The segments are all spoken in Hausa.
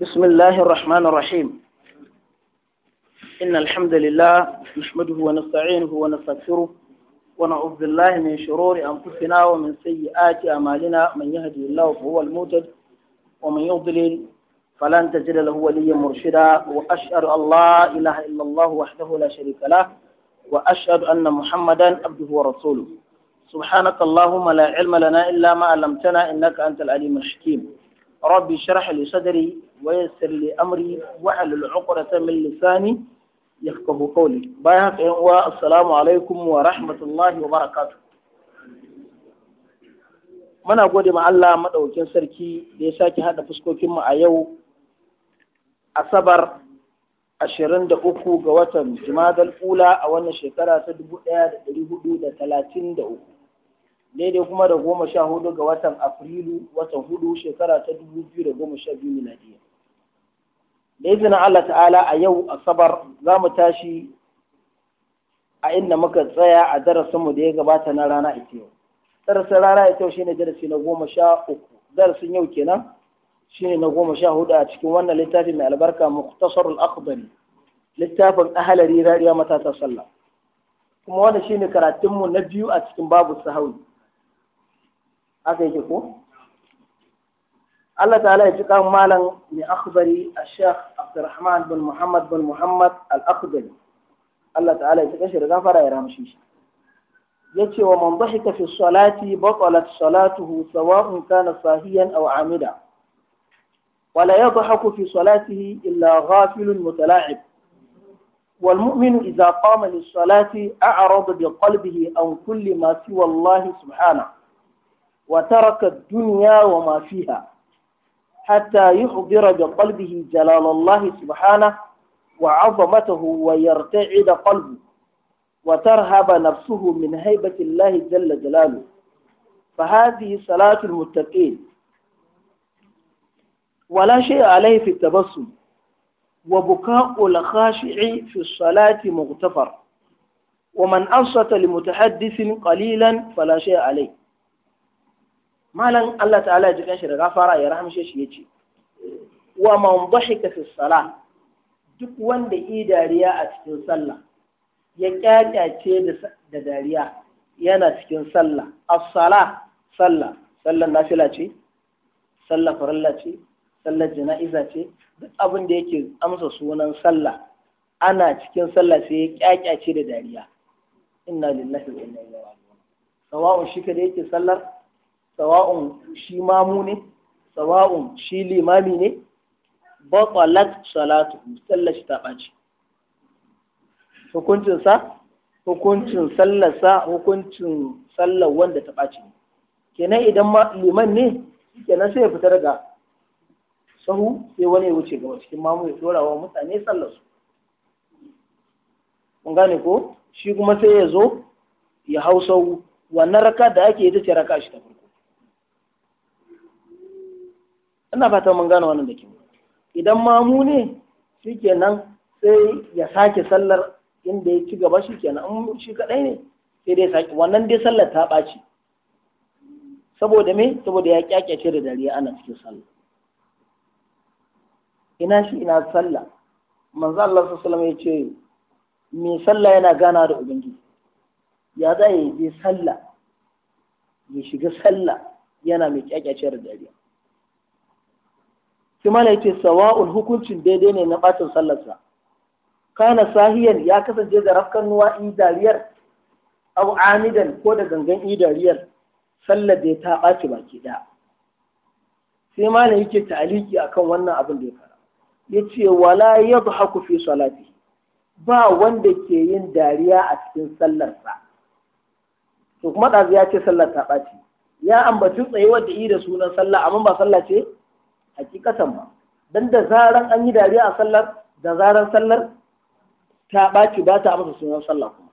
بسم الله الرحمن الرحيم إن الحمد لله نحمده ونستعينه ونستغفره ونعوذ بالله من شرور أنفسنا ومن سيئات أعمالنا من يهدي الله فهو المهتد ومن يضلل فلن تجد له وليا مرشدا وأشهد أن لا إله إلا الله وحده لا شريك له وأشهد أن محمدا عبده ورسوله سبحانك اللهم لا علم لنا إلا ما علمتنا إنك أنت العليم الحكيم rabbi sharax li sadri wayasir li amri waxalil cuqrata min lisaani yafkahu qawli baya haqeen uwa assalaamu alaikum wa raxmat wa wabarakaatu muna gode ma allah maɗaukin sarki da ya sake haɗa fuskokinmu a yau asabar ashirin ga watan jimadal a wannan shekara ta dubu ɗaya da ɗari huɗu da talatin daidai kuma da goma sha hudu ga watan afrilu watan hudu shekara ta dubu biyu da goma sha biyu miladiya da izinin allah ta'ala a yau asabar za mu tashi a inda muka tsaya a darasinmu da ya gabata na rana ita yau darasin rana ita yau shine darasi na goma sha uku darasin yau kenan shine na goma sha hudu a cikin wannan littafin mai albarka muktasarul akhdari littafin ahalari rariya matasa sallah kuma wannan shine karatunmu na biyu a cikin babu sahawi haka yake ko Allah ta'ala ya ci kan malam mai akhbari a Sheikh Abdulrahman bin Muhammad bin Muhammad al-Akhbari Allah ta'ala ya ci kashi da gafara ya ramshi shi Ya ce wa man dhahika fi salati batalat salatuhu sawa'un kana sahiyan aw amida ولا يضحك في صلاته إلا غافل متلاعب والمؤمن إذا قام للصلاة أعرض بقلبه عن كل ما سوى الله سبحانه وترك الدنيا وما فيها حتى يحضر بقلبه جلال الله سبحانه وعظمته ويرتعد قلبه وترهب نفسه من هيبة الله جل جلاله فهذه صلاة المتقين ولا شيء عليه في التبسم وبكاء الخاشع في الصلاة مغتفر ومن أنصت لمتحدث قليلا فلا شيء عليه malam Allah ta'ala ya jikan shi da gafara ya rahamshe shi yace wa man dhahika fi salah duk wanda yi dariya a cikin sallah ya kyakace da dariya yana cikin sallah as-salah sallah sallar nafila ce sallah farilla ce sallar jana'iza ce duk abin da yake amsa sunan sallah ana cikin sallah sai ya kyakace da dariya inna lillahi wa inna ilaihi raji'un sawa'un shi kada yake sallar sawa'un shi mamu ne sawa'un shi limami ne batalat salatu sallar shi ta ɓaci sa, hukuncin sallar sa, hukuncin sallar wanda ta ɓaci kenan idan liman ne kenan sai ya fita daga sahu sai wani ya wuce gaba cikin mamu ya dora wa mutane su. mun gane ko shi kuma sai ya zo ya hau sahu wannan raka da ake ta ce raka shi ta farko ina fata mun gane wannan da kyau idan mamu ne shikenan sai ya sake sallar inda ya ci gaba shikenan in shi kadai ne sai dai sake wannan dai sallar ta ɓaci saboda me saboda ya kyakyace da dariya ana cikin sallar. ina shi ina sallah manzo Allah sallallahu alaihi wasallam ya ce me sallah yana gana da ubangiji ya za yi je sallah ya shiga sallah yana mai kyakyace da dariya sai mana yace sawa'un hukuncin daidai ne na bacin sallarsa kana sahiyan ya kasance da rafkan nuwa in dariyar aw amidan ko da gangan in dariyar sallar da ta baci baki ɗaya. sai mana yake ta'aliki akan wannan abin da ya fara yace wala yadhaku fi salati ba wanda ke yin dariya a cikin sallarsa to kuma ɗazu ya ce sallar ta ɓaci ya ambaci tsayuwar da yi da sunan sallah amma ba sallah ce hakikatan ba dan da zaran an yi dariya a sallar da zaran sallar ta baci ba ta amsa sunan sallah kuma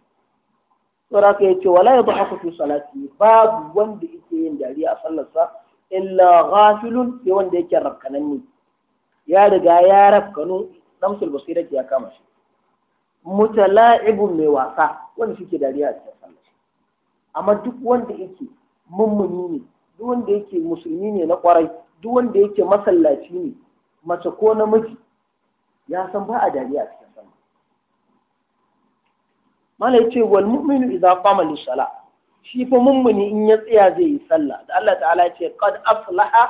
saboda haka yace wala yadhaku fi salati babu wanda yake yin dariya a sallar sa illa ghafilun sai wanda yake rakkananni ya riga ya rakkanu damsul basirati ya kama shi mutala'ibun mai wasa wanda suke dariya a cikin amma duk wanda yake mummuni ne duk wanda yake musulmi ne na kwarai duk wanda yake masallaci ne mace ko namiji ya san ba a dariya a cikin sama. mala yace wal mu'minu idza qama shi fa mummuni in ya tsaya zai yi sallah da Allah ta'ala ce qad aflaha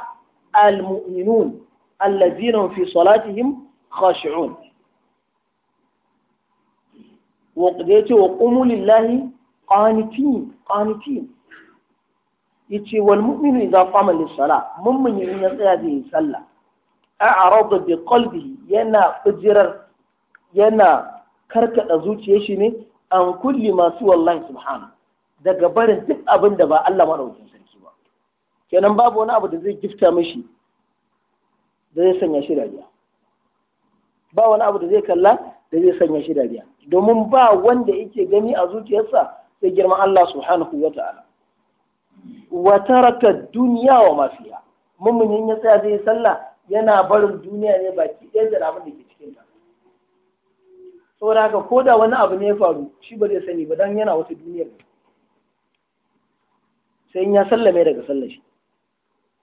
al mu'minun allazina fi salatihim khashi'un wa qad yace wa qumu lillahi qanitin qanitin yace wal mu'minu idza qama lis-salah mu'min in ya tsaya zai yi sallah a'rada bi qalbi yana fujirar yana karkada zuciyar shi ne an kulli masu wallahi subhanahu daga barin duk abin da ba Allah madaukakin sarki ba kenan babu wani abu da zai gifta mishi da zai sanya shi dariya ba wani abu da zai kalla da zai sanya shi dariya domin ba wanda yake gani a zuciyarsa sai girman Allah subhanahu wa ta'ala wa taraka duniya wa mafiya muminin ya tsaya zai sallah yana barin duniya ne baki ɗaya da abin da ke cikin ta saboda haka ko da wani abu ne ya faru shi ba zai sani ba dan yana wata duniyar sai in ya sallame daga sallar shi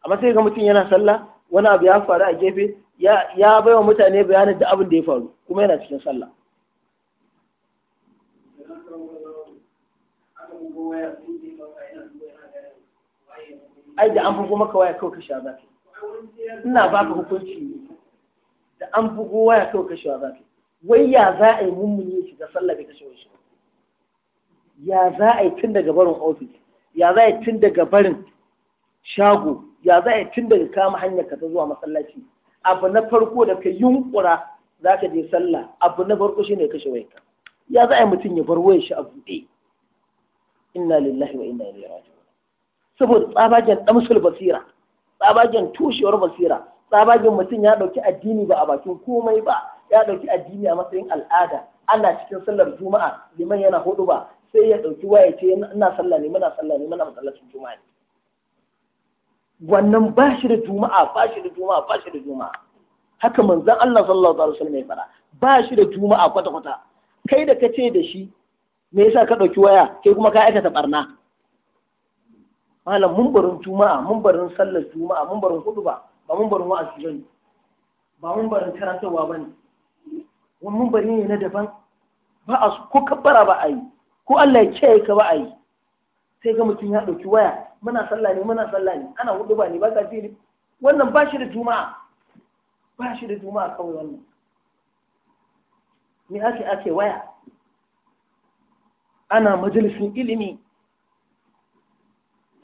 amma sai ga mutum yana sallah wani abu ya faru a gefe ya bai wa mutane bayanin da abin da ya faru kuma yana cikin sallah ai da an bugo maka waya kawai kashewa za ka ina baka hukunci da an bugo waya kawai kashewa za ka wai ya za a yi mummuni shiga sallah bai kashe wasu ya za a yi tun daga barin ofis ya za a yi tun daga barin shago ya za a yi tun daga kama hanyar ka ta zuwa masallaci abu na farko da ka yunkura za ka je sallah abu na farko shi ne kashe wayarka ya za a yi mutum ya bar wayar shi a buɗe inna lillahi wa inna ilaihi raji'un saboda tsabagen ɗamsul basira tsabagen tushewar basira tsabagen mutum ya ɗauki addini ba a bakin komai ba ya ɗauki addini a matsayin al'ada ana cikin sallar juma'a liman yana hudu ba sai ya ɗauki waya ce ina sallah ne muna sallah ne muna masallacin juma'a ne wannan ba shi da juma'a ba shi da juma'a ba shi da juma'a haka manzon Allah sallallahu alaihi wasallam ya fara ba shi da juma'a kwata kwata kai da kace da shi me yasa ka ɗauki waya kai kuma ka aikata barna malam mun barin juma'a mun barin sallar juma'a mun barin hudu ba ba barin wa'azi bane ba mun barin karantarwa bane wani mumbari ne na daban ba a ko kabbara ba a yi ko Allah ya ce ka ba a yi sai ga mutum ya ɗauki waya muna sallah ne muna sallah ne ana hudu ba ne ba ka ji wannan ba shi da juma'a ba shi da juma'a kawai wannan me ake ake waya ana majalisin ilimi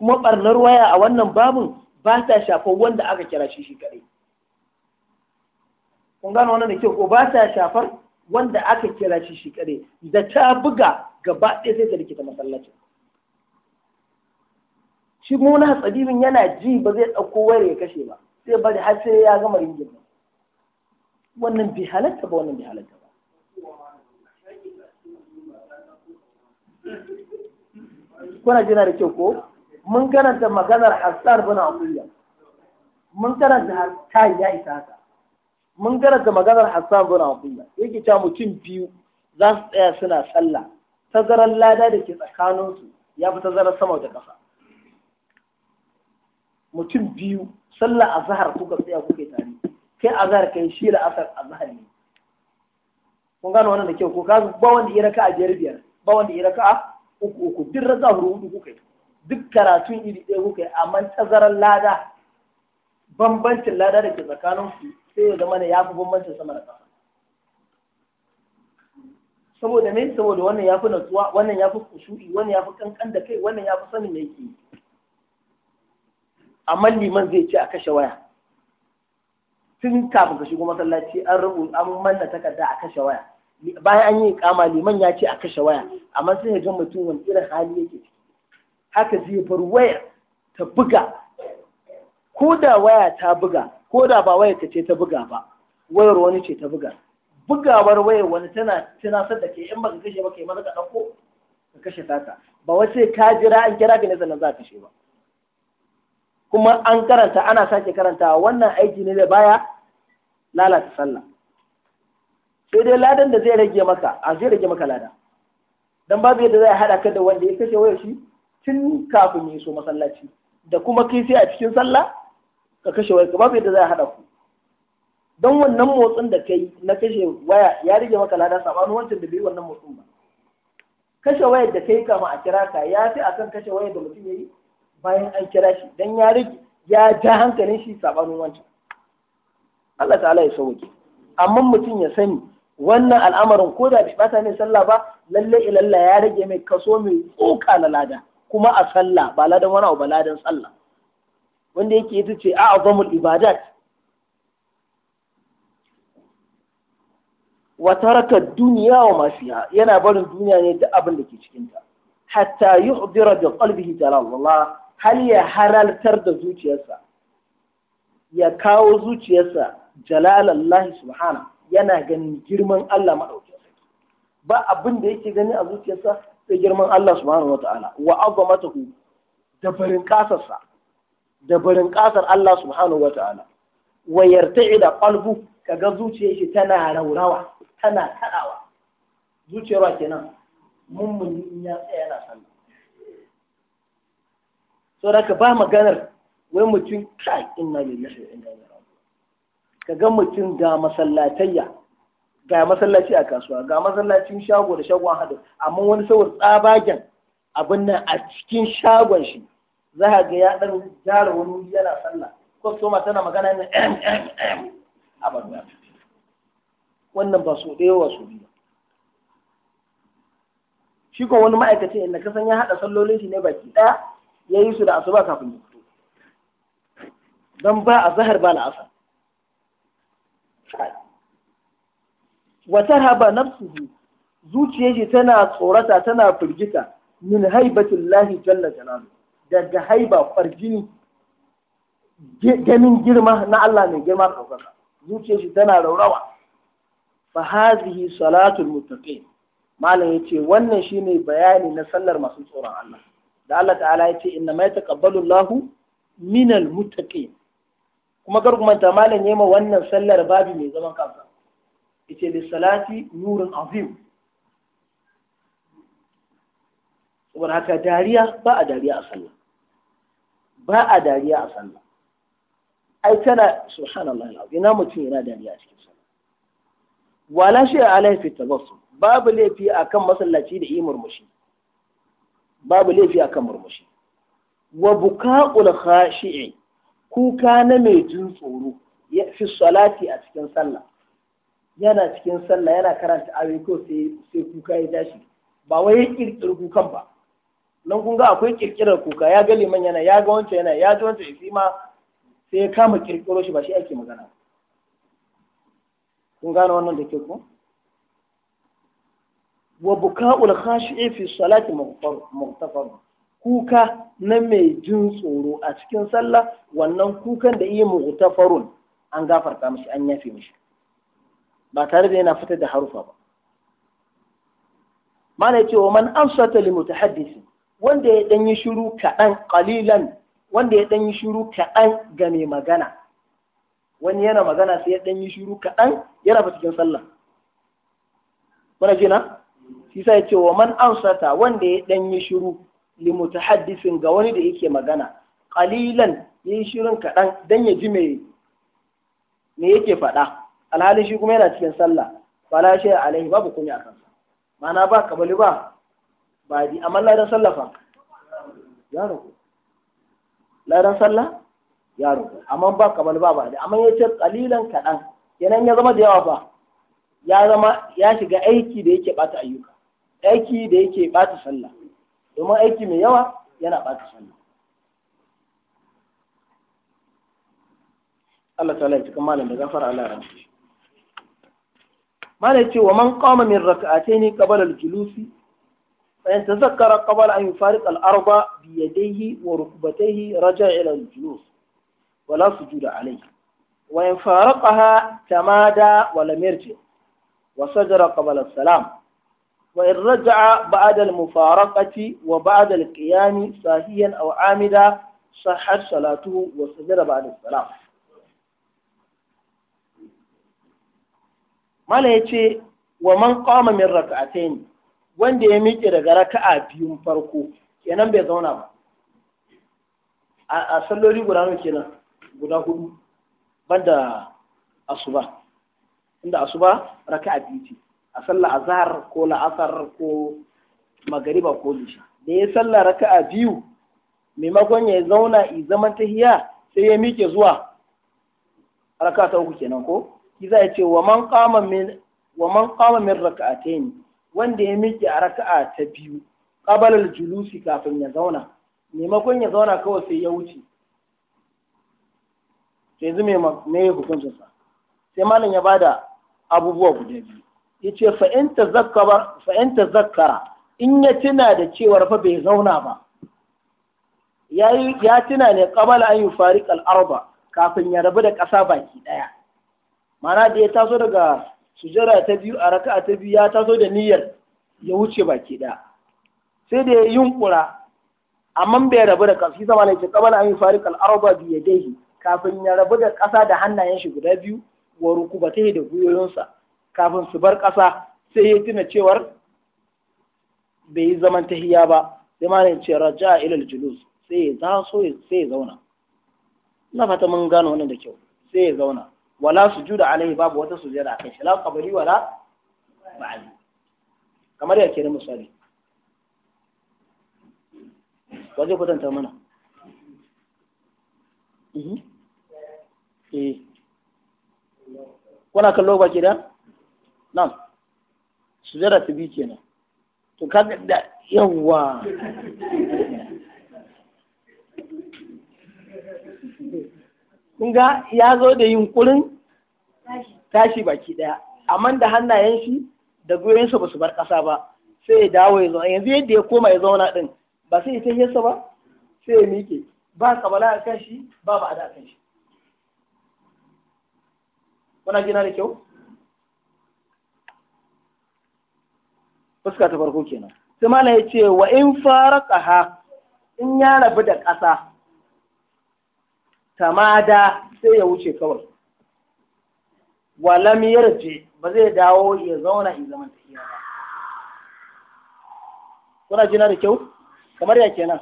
kuma barnar waya a wannan babin ba ta shafar wanda aka kira shi shi kaɗai kun gano wannan da kyau ko ba ta shafar wanda aka kira shi shi kaɗai da ta buga gaba ɗaya sai ta rikita masallacin shi muna tsadimin yana ji ba zai ɗauko wayar ya kashe ba sai bari har sai ya gama ringin wannan bi halatta ba wannan bi halatta ba kuna jina da kyau ko mun karanta maganar Hassan bin Abdullah mun karanta ta ya isa ta mun karanta maganar Hassan bin Abdullah yake cewa mutum biyu za su tsaya suna sallah tazaran lada da ke tsakaninsu ya fi tazarar sama da ƙasa mutum biyu sallah zahar kuka tsaya kuka tare kai zahar kai shi da asar zahar ne kun gano wannan da kyau ko ka ba wanda ya raka'a a biyar ba wanda ya a uku uku duk raka'a hudu kuka yi duk karatun iri ɗaya kuka yi amma tazarar lada bambancin lada da ke tsakanin su, sai ya zama ne ya fi bambancin sama da ƙasa saboda me saboda wannan ya fi natsuwa wannan ya fi kusuri wannan ya fi kankan da kai wannan ya fi sanin me yake amma liman zai ce a kashe waya tun kafin ka shigo masallaci an rubuta an manna takarda a kashe waya bayan an yi kama liman ya ce a kashe waya amma sai ya ga mutum wani irin hali yake zai bar waya ta buga ko da waya ta buga ko da ba waya ta ce ta buga ba wayar wani ce ta buga bugawar wayar wani tana tunasar da ke in baka kashe ba yi maza ka ɗauko ka kashe taka ba wace ka jira an kira ka ne sannan za ka kashe ba kuma an karanta ana sake karantawa wannan aiki ne da baya lalata sallah sai dai ladan da zai rage maka a zai rage maka lada dan babu yadda zai hada ka da wanda ya kashe wayar shi tun kafin ya so masallaci da kuma kai sai a cikin sallah ka kashe waya babu yadda za a haɗa ku don wannan motsin da kai na kashe waya ya rage maka lada sabanin wancan da bai wannan motsin ba kashe wayar da kai kama a kira ka ya fi akan kashe wayar da mutum ya yi bayan an kira shi don ya rage ya ja hankalin shi sabanin wancan Allah ta'ala ya sauke amma mutum ya sani wannan al'amarin ko da bai bata ne sallah ba lalle ilalla ya rage mai kaso mai tsoka na lada kuma a sallah ba ladan wani abu ba ladan sallah wanda yake ita ce a azamul ibadat wa taraka duniya wa ma fiha yana barin duniya ne duk abin da ke cikin ta hatta yuhdira bi qalbihi Allah hal ya halartar da zuciyarsa ya kawo zuciyarsa jalalallahi subhana yana ganin girman Allah madaukakin ba abin da yake gani a zuciyarsa sai girman Allah subhanahu wata'ala wa azamatahu da barin kasarsa da barin kasar Allah subhanahu wata'ala wa yarta'ida qalbu kaga zuciyar shi tana raurawa tana kadawa zuciyarwa kenan mummuni in ya tsaya yana sallah da ka ba maganar wai mutum ka inna lillahi wa inna ilaihi raji'un kaga mutum ga masallatayya ga masallaci a kasuwa ga masallacin shago da shagon hadu amma wani saboda tsabagen abin nan a cikin shagon shi za a ga ya dan jara wani yana sallah kwastoma tana magana ne em em em a banza wannan ba su ɗaya wa su biyu shi ko wani ma'aikaci inda ka san ya haɗa sallolin shi ne baki ɗaya ya yi su da asuba kafin ya fito don ba a zahar ba la'asar wata haba nafsuhu zuciyar shi tana tsorata tana firgita min haibatullahi jalla jalalu daga haiba kwarjini ganin girma na Allah mai girma ɗaukaka zuciyar shi tana raurawa fa hazihi salatul muttaqin malam yace wannan shine bayani na sallar masu tsoron Allah da Allah ta'ala yace inna ma yataqabbalu Allahu minal muttaqin kuma kar ku manta malam yema wannan sallar babu mai zaman kansa ita salati, nurin azim saboda haka dariya ba a dariya a sallah ba a dariya a sallah ai tana subhanallah alazim ina mutum yana dariya a cikin sallah wala shi alai fi tabassum babu laifi akan masallaci da yi murmushi babu laifi akan murmushi wa buka'ul khashi'i kuka na mai jin tsoro ya fi salati a cikin sallah yana cikin sallah yana karanta ayoyi ko sai kuka ya tashi ba wai ya kirkiri kukan ba nan kun ga akwai kirkirar kuka ya ga liman yana ya ga wancan yana ya ji wancan ya ma sai ya kama kirkiro shi ba shi ake magana kun gane wannan da ke ku wa buka'ul khashi'i fi salati muqtafar kuka na mai jin tsoro a cikin sallah wannan kukan da iya muqtafarun an gafarta mishi an yafe mishi ba tare da yana fitar da harufa ba mana yace wa man ansata li mutahaddisi wanda ya dan yi shiru kaɗan qalilan wanda ya dan yi shiru kaɗan ga mai magana wani yana magana sai ya dan yi shiru kaɗan yana ba cikin sallah kuna jina shi sai yace wa man ansata wanda ya dan yi shiru li mutahaddisin ga wani da yake magana qalilan yi shirun kaɗan dan ya ji me me yake faɗa alhali shi kuma yana cikin sallah la shi alaihi babu kunya akan sa ma'ana ba kabali ba ba di amma ladan sallah fa ya rubu ladan sallah ya rubu amma ba kabali ba ba di amma yace kalilan kadan yanan ya zama da yawa fa ya zama ya shiga aiki da yake bata ayyuka aiki da yake bata sallah domin aiki mai yawa yana bata sallah Allah ta ya cikin malam da gafara Allah ya rahmashi malai ce wa man qama min rak'ataini qabala al-julusi fa in tazakkara qabala an yufariq al-arba bi yadayhi wa rukbatayhi raja'a ila al-julus wa la sujuda alayhi wa in faraqaha tamada wa lam yarji wa sajara qabala as-salam وإن رجع بعد المفارقة وبعد القيام صاهيا أو عامدا صحت صلاته وسجد بعد السلام mala ce wa man kama min ne wanda ya miƙe daga raka'a biyun farko kenan bai zauna ba a salloli guda nawa kenan guda hudu banda asuba inda asuba raka'a biyu ce a sallar azhar ko la'asar ko magariba ko lisha da ya sallar raka'a biyu maimakon ya zauna i zaman tahiya sai ya miƙe zuwa raka'a ta uku kenan ko kiza ya ce wa man kama min wa ne wanda ya miƙe a raka'a ta biyu ƙabalar julusi kafin ya zauna maimakon ya zauna kawai sai ya wuce to yanzu mai yi hukuncin sa sai malam ya bada abubuwa guda biyu Ya ce fa'inta tazakkara in ya tuna da cewar fa bai zauna ba ya tuna ne ƙabala an yi al-arba kafin ya rabu da ƙasa baki ɗaya mana da ya taso daga sujara ta biyu a raka'a ta biyu ya taso da niyyar ya wuce baki ɗaya sai da ya yunkura amma bai rabu da ƙasa zama ne ce kabala an yi farik al'arba biya dai kafin ya rabu da ƙasa da hannayen shi guda biyu wa rukubatai da gwiwoyinsa kafin su bar ƙasa sai ya tuna cewar bai yi zaman tahiya ba sai ma ne ce raja ilal julus sai ya sai ya zauna ina fata mun gano wannan da kyau sai ya zauna wala su sujuda alaihi babu wata sujada akan shi la qabli wala ba'di kamar ya ke da misali wa zai kwatanta mana mhm. eh kuna kallo ba gida nan sujada ta bi kenan to kaga da yawwa kun ga ya zo da yin kurin tashi baki daya amma da hannayen shi da goyon ba su bar kasa ba sai ya dawo ya zauna yanzu yadda ya koma ya zauna din ba sai ya sa ba sai ya miƙe ba bala a kan shi ba ba a kan shi kuna gina da kyau fuska ta farko kenan sai malam ya ce wa in faraqaha in ya rabu da ƙasa tamada sai ya wuce kawai walam yarje ba zai dawo ya zauna in zaman tafiya ba kuna jina da kyau kamar ya kenan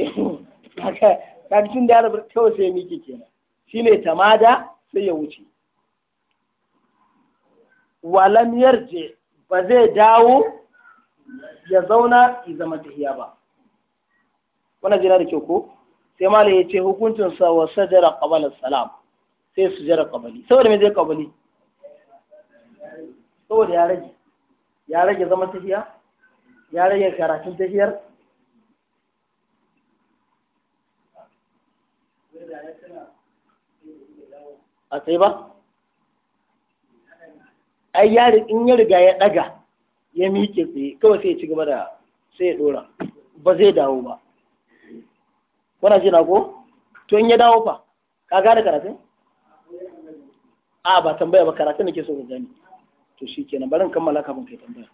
kaga tun da ya rabar kawai sai ya miƙe kenan shine tamada sai ya wuce walam yarje ba zai dawo ya zauna ya zama tahiya ba wannan jira da kyau ko sai malam ya ce hukuncin sa wa sajara qabala salam sai su jira qabali saboda me zai qabali saboda ya rage ya rage zaman tahiya ya rage karatun tahiyar a sai ba ai yari in ya riga ya daga ya miƙe tsaye kawai sai ya ci gaba da sai ya dora ba zai dawo ba kuna ce na ko to in ya dawo fa ka gane karatun a ba tambaya ba karatun da ke so ka gani to shi kenan barin kammala kafin kai tambaya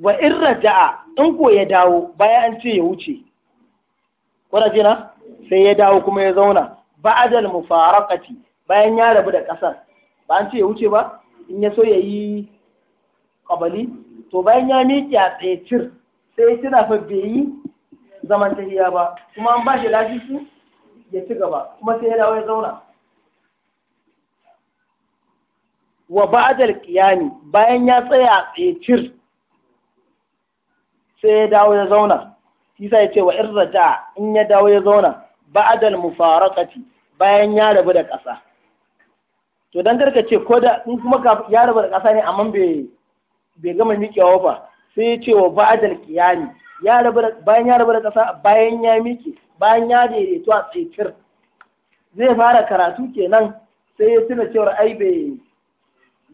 wa in raja'a in ko ya dawo bayan an ce ya wuce kuna ce na sai ya dawo kuma ya zauna ba'adal mufaraqati bayan ya rabu da kasar ba an ce ya wuce ba in ya so ya yi ƙabali to bayan ya miƙe a tsaye sai ya tuna fa yi zaman tahiya ba kuma an ba shi lafisi ya ci gaba kuma sai ya dawo ya zauna wa ba'dal qiyami bayan ya tsaya a tsaye sai ya dawo ya zauna isa ya ce wa ta, in ya dawo ya zauna ba'dal mufaraqati bayan ya rabu da ƙasa to dan karka ce ko da in kuma ya raba da kasa ne amma bai bai gama miƙewa ba sai ya ce wa ba'dal qiyami ya raba bayan ya raba da kasa bayan ya miƙe bayan ya daidaito a tsaitir zai fara karatu kenan sai ya tuna cewar ai bai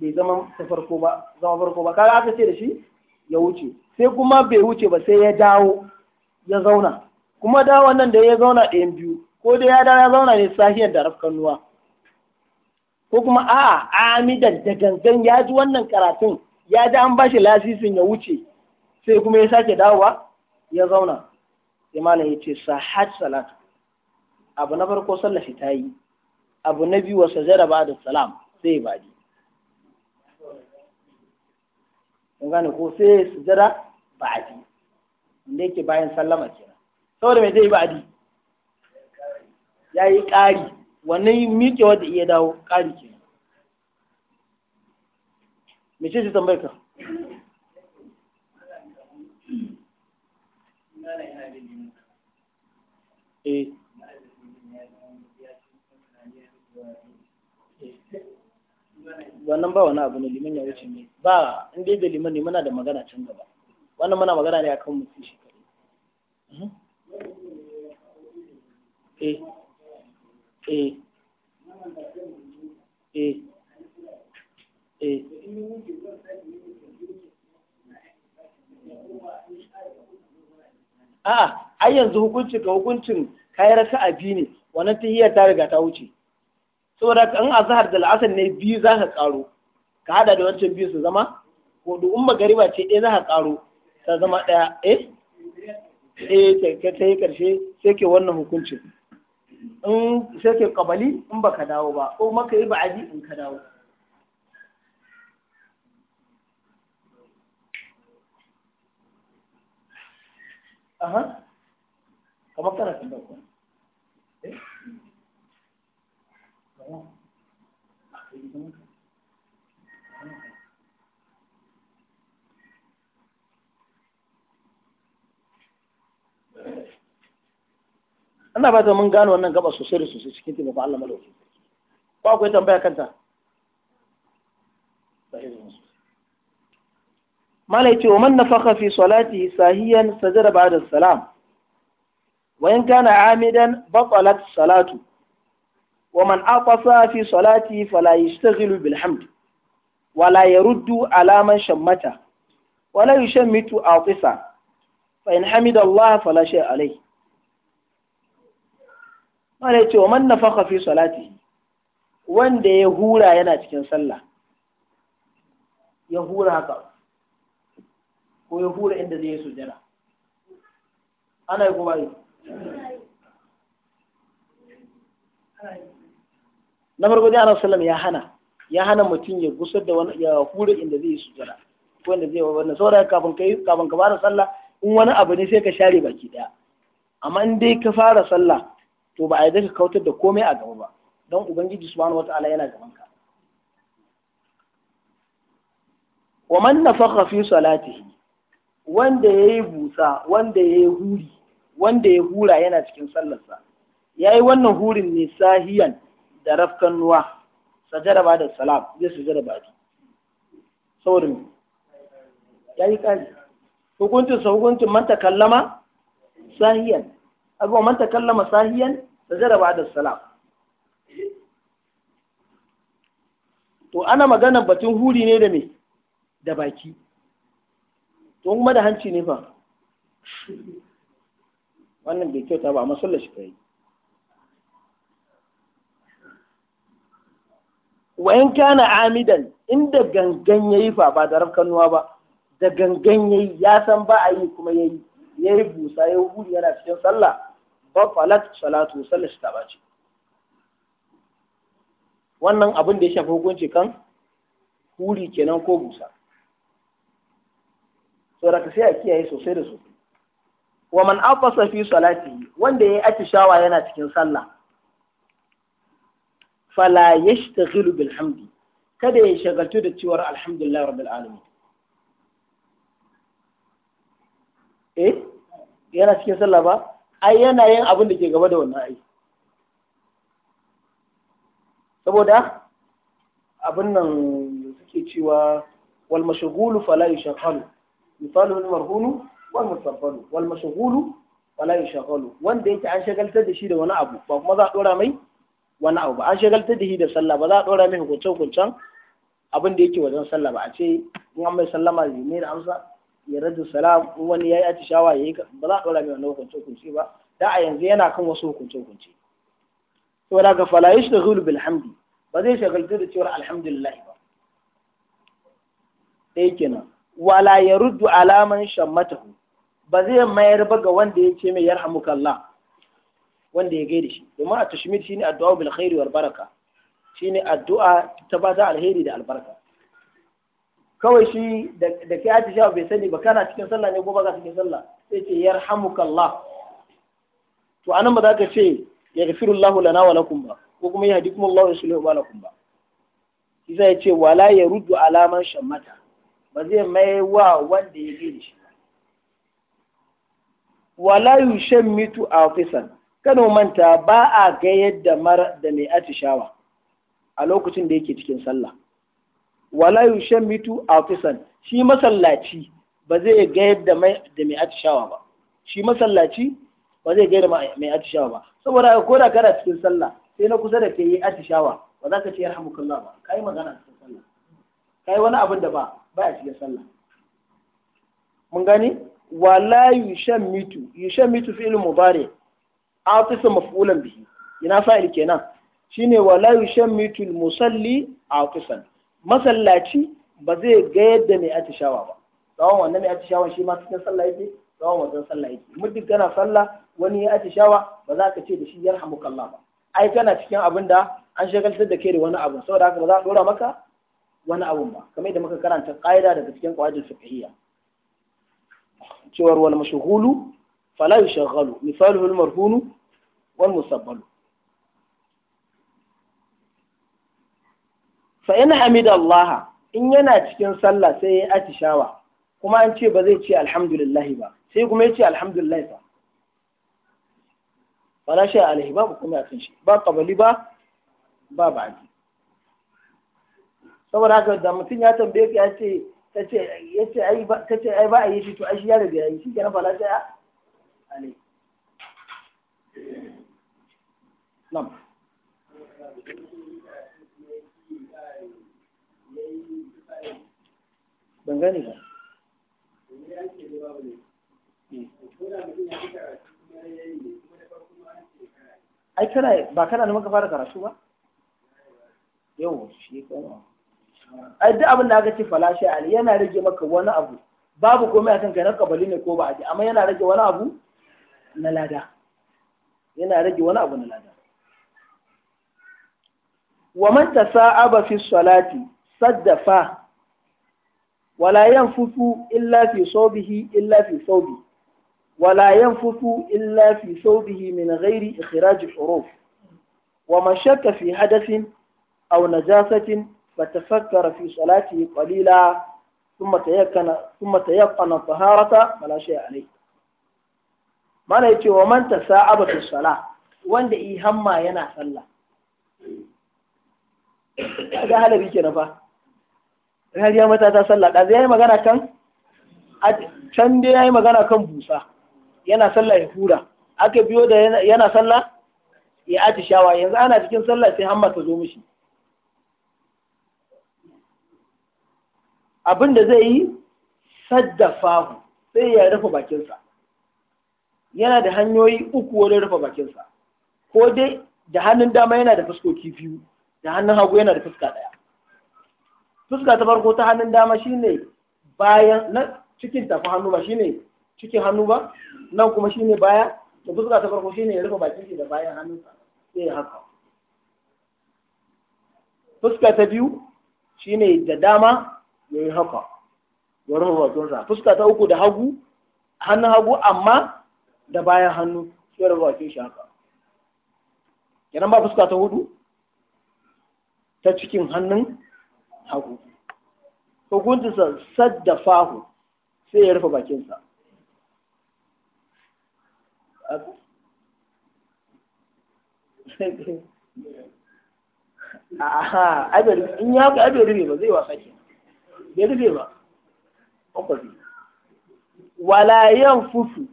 bai zama ta farko ba zama farko ba kaga aka ce da shi ya wuce sai kuma bai wuce ba sai ya dawo ya zauna kuma da wannan da ya zauna ɗayan biyu ko da ya dawo ya zauna ne sahiyar da rafkanuwa ko kuma a'a amidan da gangan ya ji wannan karatun ya ji an bashi lasisin ya wuce sai kuma ya sake dawowa ya zauna imanin ya ce sahaj salatu abu na farko sallashi ta yi abu na biyu wasa raba da salam sai ba ji kun gane ko sai su ba a ji. inda yake bayan sallama kenan saboda mai zai ba a ji. ya yi ƙari wannan miƙewa da iya dawo ƙari ke me ce tambayka ka eh. wannan ba wani abu ne liman ya wuce ne ba in dai da liman ne muna da magana can gaba wannan muna magana ne akan mutum shekaru mhm. eh a eh a'a ai yanzu hukunci ka hukuncin kayi raka'a abini. ne wannan tahiyya ta riga ta wuce saboda in zahar da al'asar ne biyu za ka karo ka hada da wancan biyu su zama hudu Umma magariba ce ɗaya za ka karo ta zama ɗaya eh eh ta yi karshe sai ke wannan hukuncin in sai ke kabali in baka dawo ba ko maka yi ba'adi in ka dawo aha kamar kana tun dauka eh ba a kai ina ba ta mun gano wannan gaba sosai da sosai cikin taimakon Allah malauki ko akwai tambaya kanta malai ce wa nafaka fi salati sahiyan sajada da salam wa in kana amidan batalat salatu wa man aqasa fi salati fala yashtaghilu bil hamd wa la yaruddu alaman man shammata wa la yushammitu aqisa fa in hamida Allah fala shay alayhi mana ce wa man nafakha fi salati wanda ya hura yana cikin sallah ya hura haka ko ya hura inda zai yi jira ana yi kuma yi na farko dai ana sallam ya hana ya hana mutum ya gusar da wani ya hura inda zai yi jira ko inda zai yi saurari saboda kafin kai kafin ka fara sallah in wani abu ne sai ka share baki daya amma in dai ka fara sallah to ba a yi ka kautar da komai a gaba ba don ubangiji subhanahu wataala yana gaban ka wa man nafakha fi salatihi wanda yayi busa wanda yayi huri wanda ya hura yana cikin sallarsa yayi wannan hurin ne sahiyan da rafkan ruwa, sajada ba da salam zai sajada ba saurin saboda yayi kaji hukuncin sa hukuncin manta kallama sahiyan kaga wa man takallama sahiyan sajada ba'da to ana magana batun huri ne da me da baki to kuma da hanci ne fa wannan bai kyauta ba amma sallar shi kai wa in kana amidan inda gangan yayi fa ba da rafkanuwa ba da gangan yayi ya san ba a yi kuma yayi yayi busa yayi huri yana cikin sallah bafalat salatu sallar ta bace wannan abin da ya shafi hukunci kan huri kenan ko busa saboda ka sai a kiyaye sosai da sosai wa man afasa fi salati wanda yayi atishawa yana cikin sallah fala yashtaghilu bil hamdi kada ya shagaltu da cewar alhamdulillah rabbil alamin eh yana cikin sallah ba ai yana yin abin da ke gaba da wannan ai saboda abin nan suke cewa wal mashghulu fala yashghalu misalu al marhunu wal mustaqbalu wal mashghulu fala yashghalu wanda yake an shagaltar da shi da wani abu ba kuma za a dora mai wani abu ba an shagaltar da shi da sallah ba za a dora mai hukuncen hukuncen abin da yake wajen sallah ba a ce in an mai sallama ne da amsa ya rajin salam in wani yayi atishawa yayi ba za a dora mai wani hukunce hukunce ba da a yanzu yana kan wasu hukunce hukunce to da ga fala yashghal bil hamdi ba zai shagaltu da cewar alhamdulillah ba dai kenan wala yaruddu alaman shammatahu ba zai mayar ba ga wanda ya ce mai kalla, wanda ya gaida shi domin a tashmid shine addu'a bil khairi wal baraka shine addu'a ta ba alheri da albarka kawai shi da kai atishawa bai sani ba kana cikin sallah ne ko ba ka cikin sallah sai ce yarhamukallah to anan ba za ka ce ya yaghfirullahu lana wa lakum ba ko kuma yahdikumullahu wa yuslihu balakum ba isa ya ce wala ya ruddu alaman shammata ba zai mai wa wanda ya gini shi wala yu shammitu fisan kano manta ba a ga yadda mara da mai atishawa a lokacin da yake cikin sallah wala a atisan shi masallaci ba zai ga yadda mai da mai atishawa ba shi masallaci ba zai ga yadda mai atishawa ba saboda ko da kana cikin sallah sai na kusa da kai yi atishawa ba za ka ce yarhamukallah ba kai magana cikin sallah kai wani abin da ba ba a cikin sallah mun gani wala yushan mitu fi'il a atisa maf'ulan bihi ina fa'il kenan shine wala yushammitu al-musalli atisan masallaci ba zai ga yadda mai atishawa ba tsawon wannan mai atishawa shi ma cikin sallah yake tsawon wannan sallah yake muddin kana sallah wani ya atishawa ba za ka ce da shi yarhamukallah ba ai kana cikin abin da an shagaltar da kai da wani abu saboda haka ba za a dora maka wani abu ba kamar da muka karanta ƙa'ida daga cikin qawaidul fiqhiyya cewar wal mashghulu fala yushaghalu misaluhu al marhunu wal musabbalu fa hamida Allah in yana cikin sallah sai ya atishawa kuma an ce ba zai ce alhamdulillah ba sai kuma ya ce alhamdulillah ba wala shi alaihi ba kuma ya kan shi ba kabali ba ba ba'adi saboda haka da mutum ya tambaye ka ya ce ta ce ai ba a yi shi to ai shi ya riga yi shi kenan fala sai alaihi nam ban gane ba ai kana ba kana da muka fara karatu ba yau shi kana ai duk abin da aka ce falashi ali yana rage maka wani abu babu komai akan kai na kabali ne ko ba aji amma yana rage wani abu na lada yana rage wani abu na lada wa man tasa'aba fi salati saddafa wala yanfufu illa fi sawbihi illa fi sawbi wala yanfufu illa fi sawbihi min ghairi ikhraj huruf wa man shakka fi hadathin aw najasatin fatafakkara fi salatihi qalila ثم تيقن ثم تيقن الطهارة فلا شيء عليه mana ya ce wa manta sa'aba fi sala wanda i hamma yana sallah ga halabi ke na fa mata ta sallah ɗazu ya yi magana kan can dai ya yi magana kan busa yana sallah ya hura aka biyo da yana sallah ya shawa, yanzu ana cikin sallah sai hamma ta zo mishi abin da zai yi saddafahu sai ya rufe bakinsa yana da hanyoyi uku wurin rufe bakinsa ko dai da hannun dama yana da fuskoki biyu da hannun hagu yana da fuska ɗaya fuska ta farko ta hannun dama shine bayan na cikin tafi hannu ba shine cikin hannu ba nan kuma shine baya to fuska ta farko shine ya rufe bakin shi da bayan hannunsa sai ya haka fuska ta biyu shine da dama ya yi haka ya rufe bakin sa fuska ta uku da hagu hannun hagu amma da bayan hannu sai ya rufe bakin shi haka kenan ba fuska ta hudu ta cikin hannun hagu hukuncinsa sadda fahu sai ya rufe bakinsa aha in ya haka abin rufe ba zai wasa ke bai rufe ba ƙwaƙwafi walayen fufu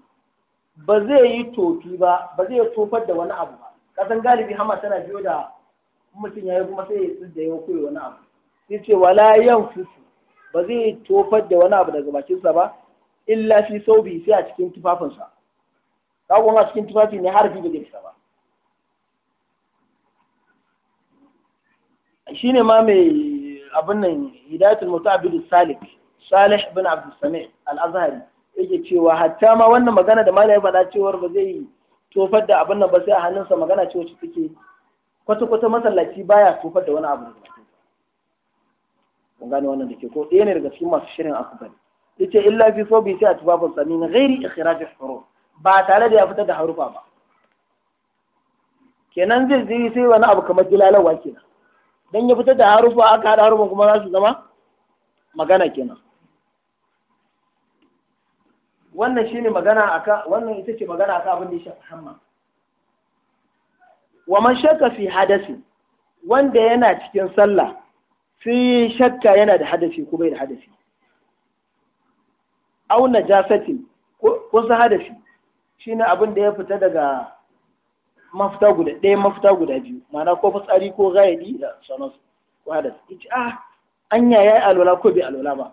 ba zai yi tofi ba ba zai tofar da wani abu ba kasan galibi hama tana biyo da mutum ya yi kuma sai ya tsidda ya koyi wani abu sai ce wala yanfusu ba zai tofar da wani abu daga bakinsa ba illa fi saubi sai a cikin tufafinsa ka kuma cikin tufafi ne harfi da fita ba shi ne ma mai abin nan hidayatul muta'abbid salik salih bin abdul samih al-azhari yake cewa hatta ma wannan magana da malai da cewa ba zai tofar da abin nan ba sai a hannunsa magana cewa ce take kwata-kwata masallaci baya tofar da wani abu mun gane wannan da ke ko ɗaya ne daga cikin masu shirin Ya yace illa fi sobi sai a tubafin sa min ghairi ikhraj huruf ba tare da ya fitar da harufa ba kenan zai zai sai wani abu kamar dilalawa kenan dan ya fitar da harufa aka hada harufan kuma za su zama magana kenan wannan shine magana aka wannan ita ce magana aka abin da ya shafi hamma wa man shakka fi hadasi wanda yana cikin sallah fi shakka yana da hadafi ko bai da hadafi au najasati ko sa hadafi shine abin da ya fita daga mafita guda ɗaya mafita guda biyu ma'ana ko fitsari ko gayadi da sauransu ko hadafi ita ah anya yayi alwala ko bai alwala ba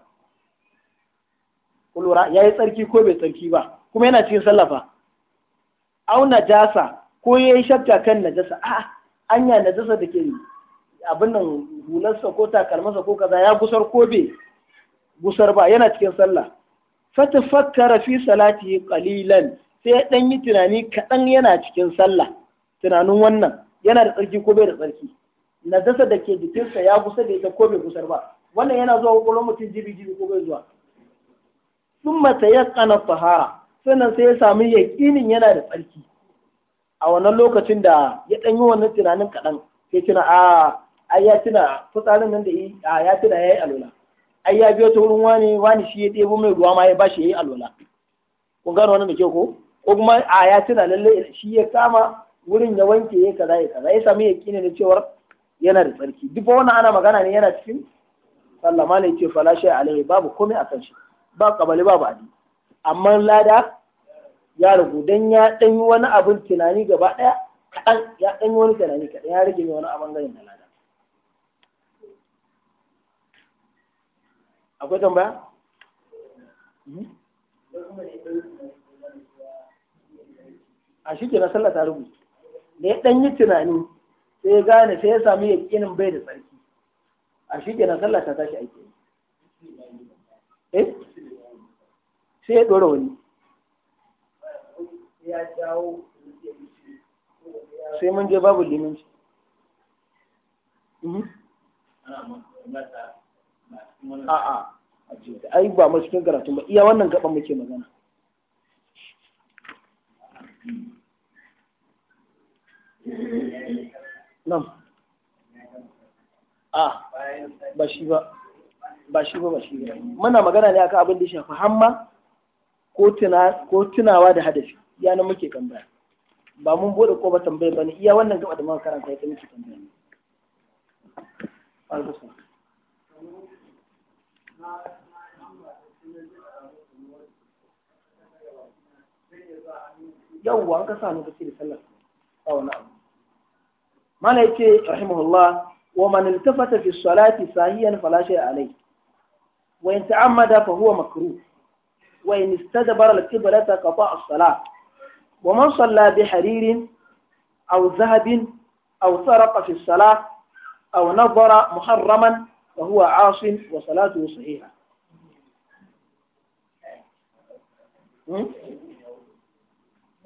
kulura yayi tsarki ko bai tsarki ba kuma yana cikin sallafa au najasa ko yayi shakka kan najasa a anya najasa da ke abin nan hularsa ko takalmasa ko kaza ya gusar ko bai gusar ba yana cikin sallah fata fakkara fi salati qalilan sai dan yi tunani kaɗan yana cikin sallah tunanin wannan yana da tsarki ko bai da tsarki najasa da ke jikinsa ya gusa da ita ko bai gusar ba wannan yana zuwa kwakwalwar mutum jibi jibi ko bai zuwa sun mata ya sannan sai ya samu yaƙinin yana da tsarki a wannan lokacin da ya ɗan wannan tunanin kaɗan sai tuna a ah, ai ya tuna fitsarin nan da yi a ya tuna ya yi alola ai ya biyo ta wurin wani wani shi ya ɗebo mai ruwa ma ya bashi ya yi alola kun gano wannan da ke ko ko kuma a ya tuna lalle shi ya kama wurin ya wanke ya kaza ya kaza ya sami yaƙini na cewar yana da tsarki duk wani ana magana ne yana cikin sallama malai ce fala shay alaihi babu komai akan shi ba kabali babu adi amma lada ya rubu dan ya dan wani abin tunani gaba daya kadan ya dan wani tunani kadan ya rage wani abin ganin da akwai tambaya hmm? a shi ke na sallah ta rubu da ya ɗan yi tunani sai ya gane sai ya sami ƙinin bai da tsarki a shi ke na sallah ta tashi aiki eh sai ya ɗora wani sai mun je babu limanci hmm? a'a ai ba mu cikin karatun ba iya wannan gaban muke magana nan a ba shi ba ba shi ba ba shi ba muna magana ne aka abin da shafi hamma ko tunawa da hadafi ya nan muke tambaya ba mun bude ko ba tambaye ba ne iya wannan gaba da muka karanta ya ta muke tambaya alkusa yawwa an ka sa nuka da sallar a wani abu mana yake rahimahullah wa man iltafata fi salati sahiyan fala shay alai wa in ta'ammada fa huwa makruh wa in istadbara al-qiblata qata as-salah wa man salla bi haririn aw zahabin aw saraqa fi as-salah aw nadhara muharraman فهو عاص وصلاته صحيحة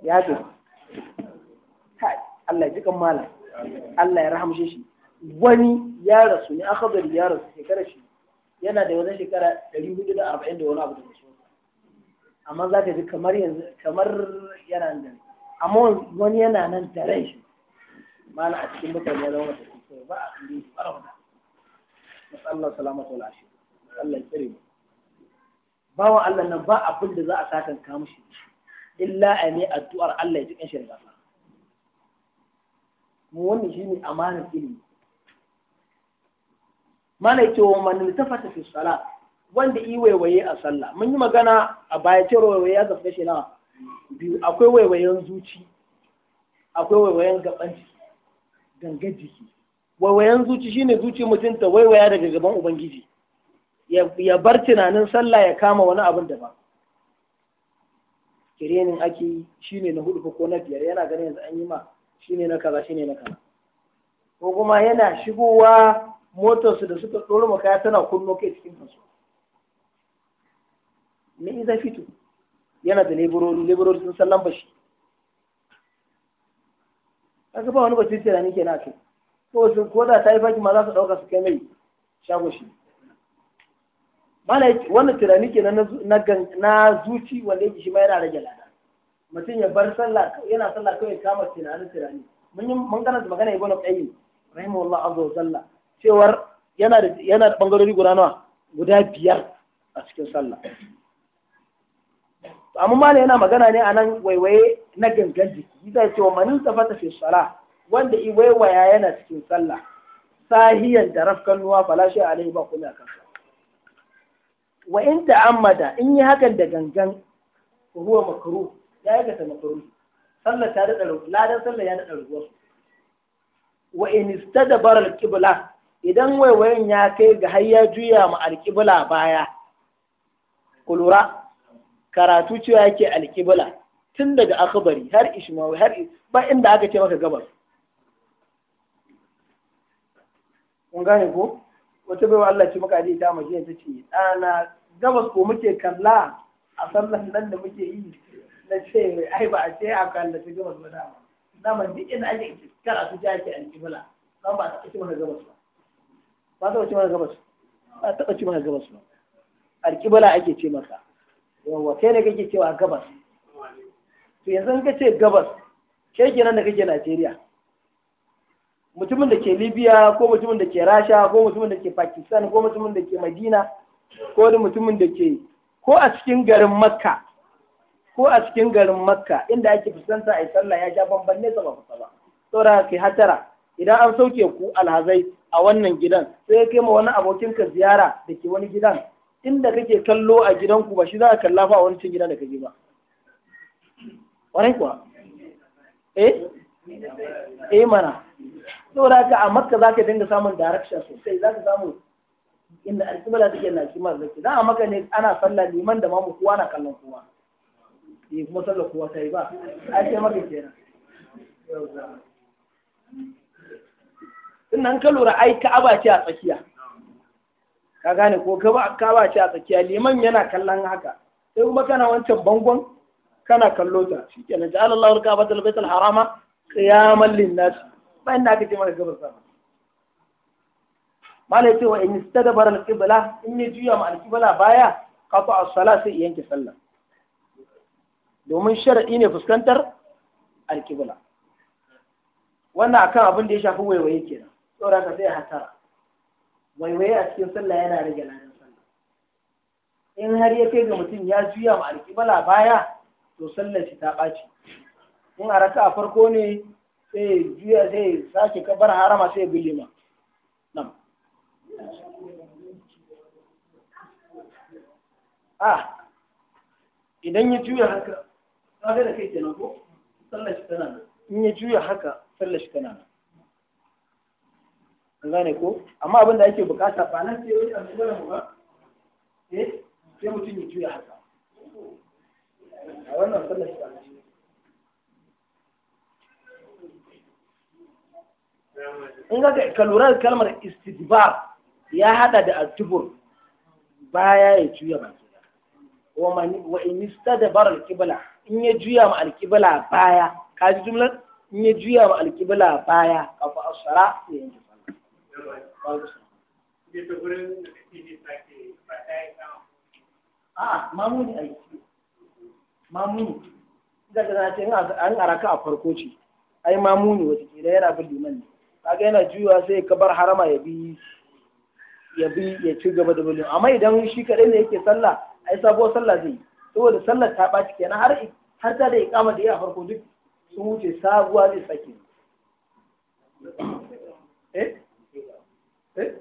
ya ce Allah ya jikan malam Allah ya rahamshe shi wani ya rasu ne akhadar ya rasu shekarar shi yana da wani shekara 440 da wani abu da rasu amma za ka ji kamar yanzu kamar yana nan, amma wani yana nan da rai shi mana a cikin mutane ya zama wata ba a kan yi fara wata Allah salamata wal afiya Allah ya tsare mu bawan Allah nan ba abin da za a sakan ka mushi illa a ne addu'ar Allah ya ji kanshi da gafa mu wannan shine amanar ilimi mana ce wa man tafata fi sala wanda i waiwaye a sallah mun yi magana a baya cewa waiwaye ya zafi shi nawa biyu akwai waiwayen zuci akwai waiwayen gaban jiki gangan jiki waiwayen zuci shine zuci mutum ta waiwaya daga gaban ubangiji ya bar tunanin sallah ya kama wani abin da ba kirenin ake yi shine na hudu ko na biyar yana ganin yanzu an yi ma shine na kaza shine na kaza ko kuma yana shigowa motarsu da suka tsoro maka tana kunno kai cikin kansu na iza fito yana da leburori leburori sun sallan bashi kaga ba wani batun tunani kenan a kai ko sun ko da ta yi fakin ma za su ɗauka su kai mai shago shi wannan tunani ke na zuci wanda yake shi ma yana rage lada mutum ya bar sallah yana sallah kawai kama tunanin tunani mun yi mun gana da magana ibn qayyim rahimahullah azza wa jalla cewar yana da yana da bangarori guda nawa guda biyar a cikin sallah amma malai yana magana ne a nan waiwaye na gangan jiki zai ce wa manin tafata fi salah wanda i waiwaya yana cikin sallah sahiyan da rafkan nuwa fala shi alaihi ba kuma kan wa in ta'ammada in yi hakan da gangan ruwa makaru ya ta makaru sallar ta da ladan sallar ya da ruwa wa in istadbara al-qibla idan waiwayen ya kai ga har ya juya ma alƙibla baya kulura karatu cewa yake alƙibla tun daga akhbari har ishmawi har ba inda aka ce maka gabas kun gane ko wata baiwa Allah ce maka aje ta mace ta ce ɗana gabas ko muke kalla a sallan nan da muke yi na ce ai ba a ce a kalla ta gabas ba dama dama duk inda ake kar a su ja ke alƙibla dan ba ta ci mana gabas ba ba ta ci mana gabas ba ta ci mana gabas ba alƙibla ake ce maka yawa kai ne kake cewa gabas to yanzu ka ce gabas kai kenan da kake Najeriya mutumin da ke libya ko mutumin da ke rasha ko mutumin da ke pakistan ko mutumin da ke madina ko da mutumin da ke ko a cikin garin makka ko a cikin garin makka inda ake fuskanta a yi sallah ya sha bamban ne ba kusa ba saboda ke hatara idan an sauke ku alhazai a wannan gidan sai kai ma wani abokinka ziyara da ke wani gidan inda kake kallo a gidanku ba shi za ka kalla fa a wani cin gidan da kake ba ƙwarai kuwa eh eh mana saboda haka a makka za ka dinga samun direction sosai za ka samu inda ta take na kimar zaki Da a makka ne ana sallah liman da mamu kowa na kallon kowa ne eh, kuma sallah kowa ta yi ba a ce maka kenan sannan ka lura ai aba ce a tsakiya ka gane ko ka'aba ce a tsakiya liman yana kallon haka sai kuma kana wancan bangon kana kallo ta kenan ja'alallahu al-ka'bata al-baytal harama qiyaman lin-nas ba da aka ce mana gabar sama malai cewa in da bar qibla in ya juya ma alƙibala baya qata a sala sai yanke sallah domin shar'i ne fuskantar alƙibala. wannan akan abin da ya shafi waiwaye kenan saboda ka sai hasara waiwaye a cikin sallah yana rage ladan sallah in har ya kai ga mutum ya juya ma alƙibala baya to sallar shi ta ɓaci in a raka a farko ne sai juya sai sake kabar harama sai bi liman nan a ah, idan ya juya haka kaga da kai kenan ko sallar shi tana nan in ya juya haka sallar shi tana nan an gane ko amma abin da ake bukata ba nan sai wani abu ba eh sai mutum ya juya haka a wannan sallar shi tana in ga ka lura da kalmar istidbar ya hada da atubur baya ya juya baki wa in istadbar alqibla in ya juya ma alqibla baya ka ji jumlar in ya juya ma alqibla baya ka fa asara ne yanzu a'a mamuni ai mamuni da da ce an araka a farko ce ai mamuni wata kila yana bin liman ne kaga yana juyawa sai ka bar harama ya bi ya bi ya ci gaba da bulin amma idan shi kadai ne yake sallah ai sabuwar sallah zai saboda sallah ta ɓaci kenan har har ta da iqama da ya farko duk sun wuce sabuwa zai saki eh eh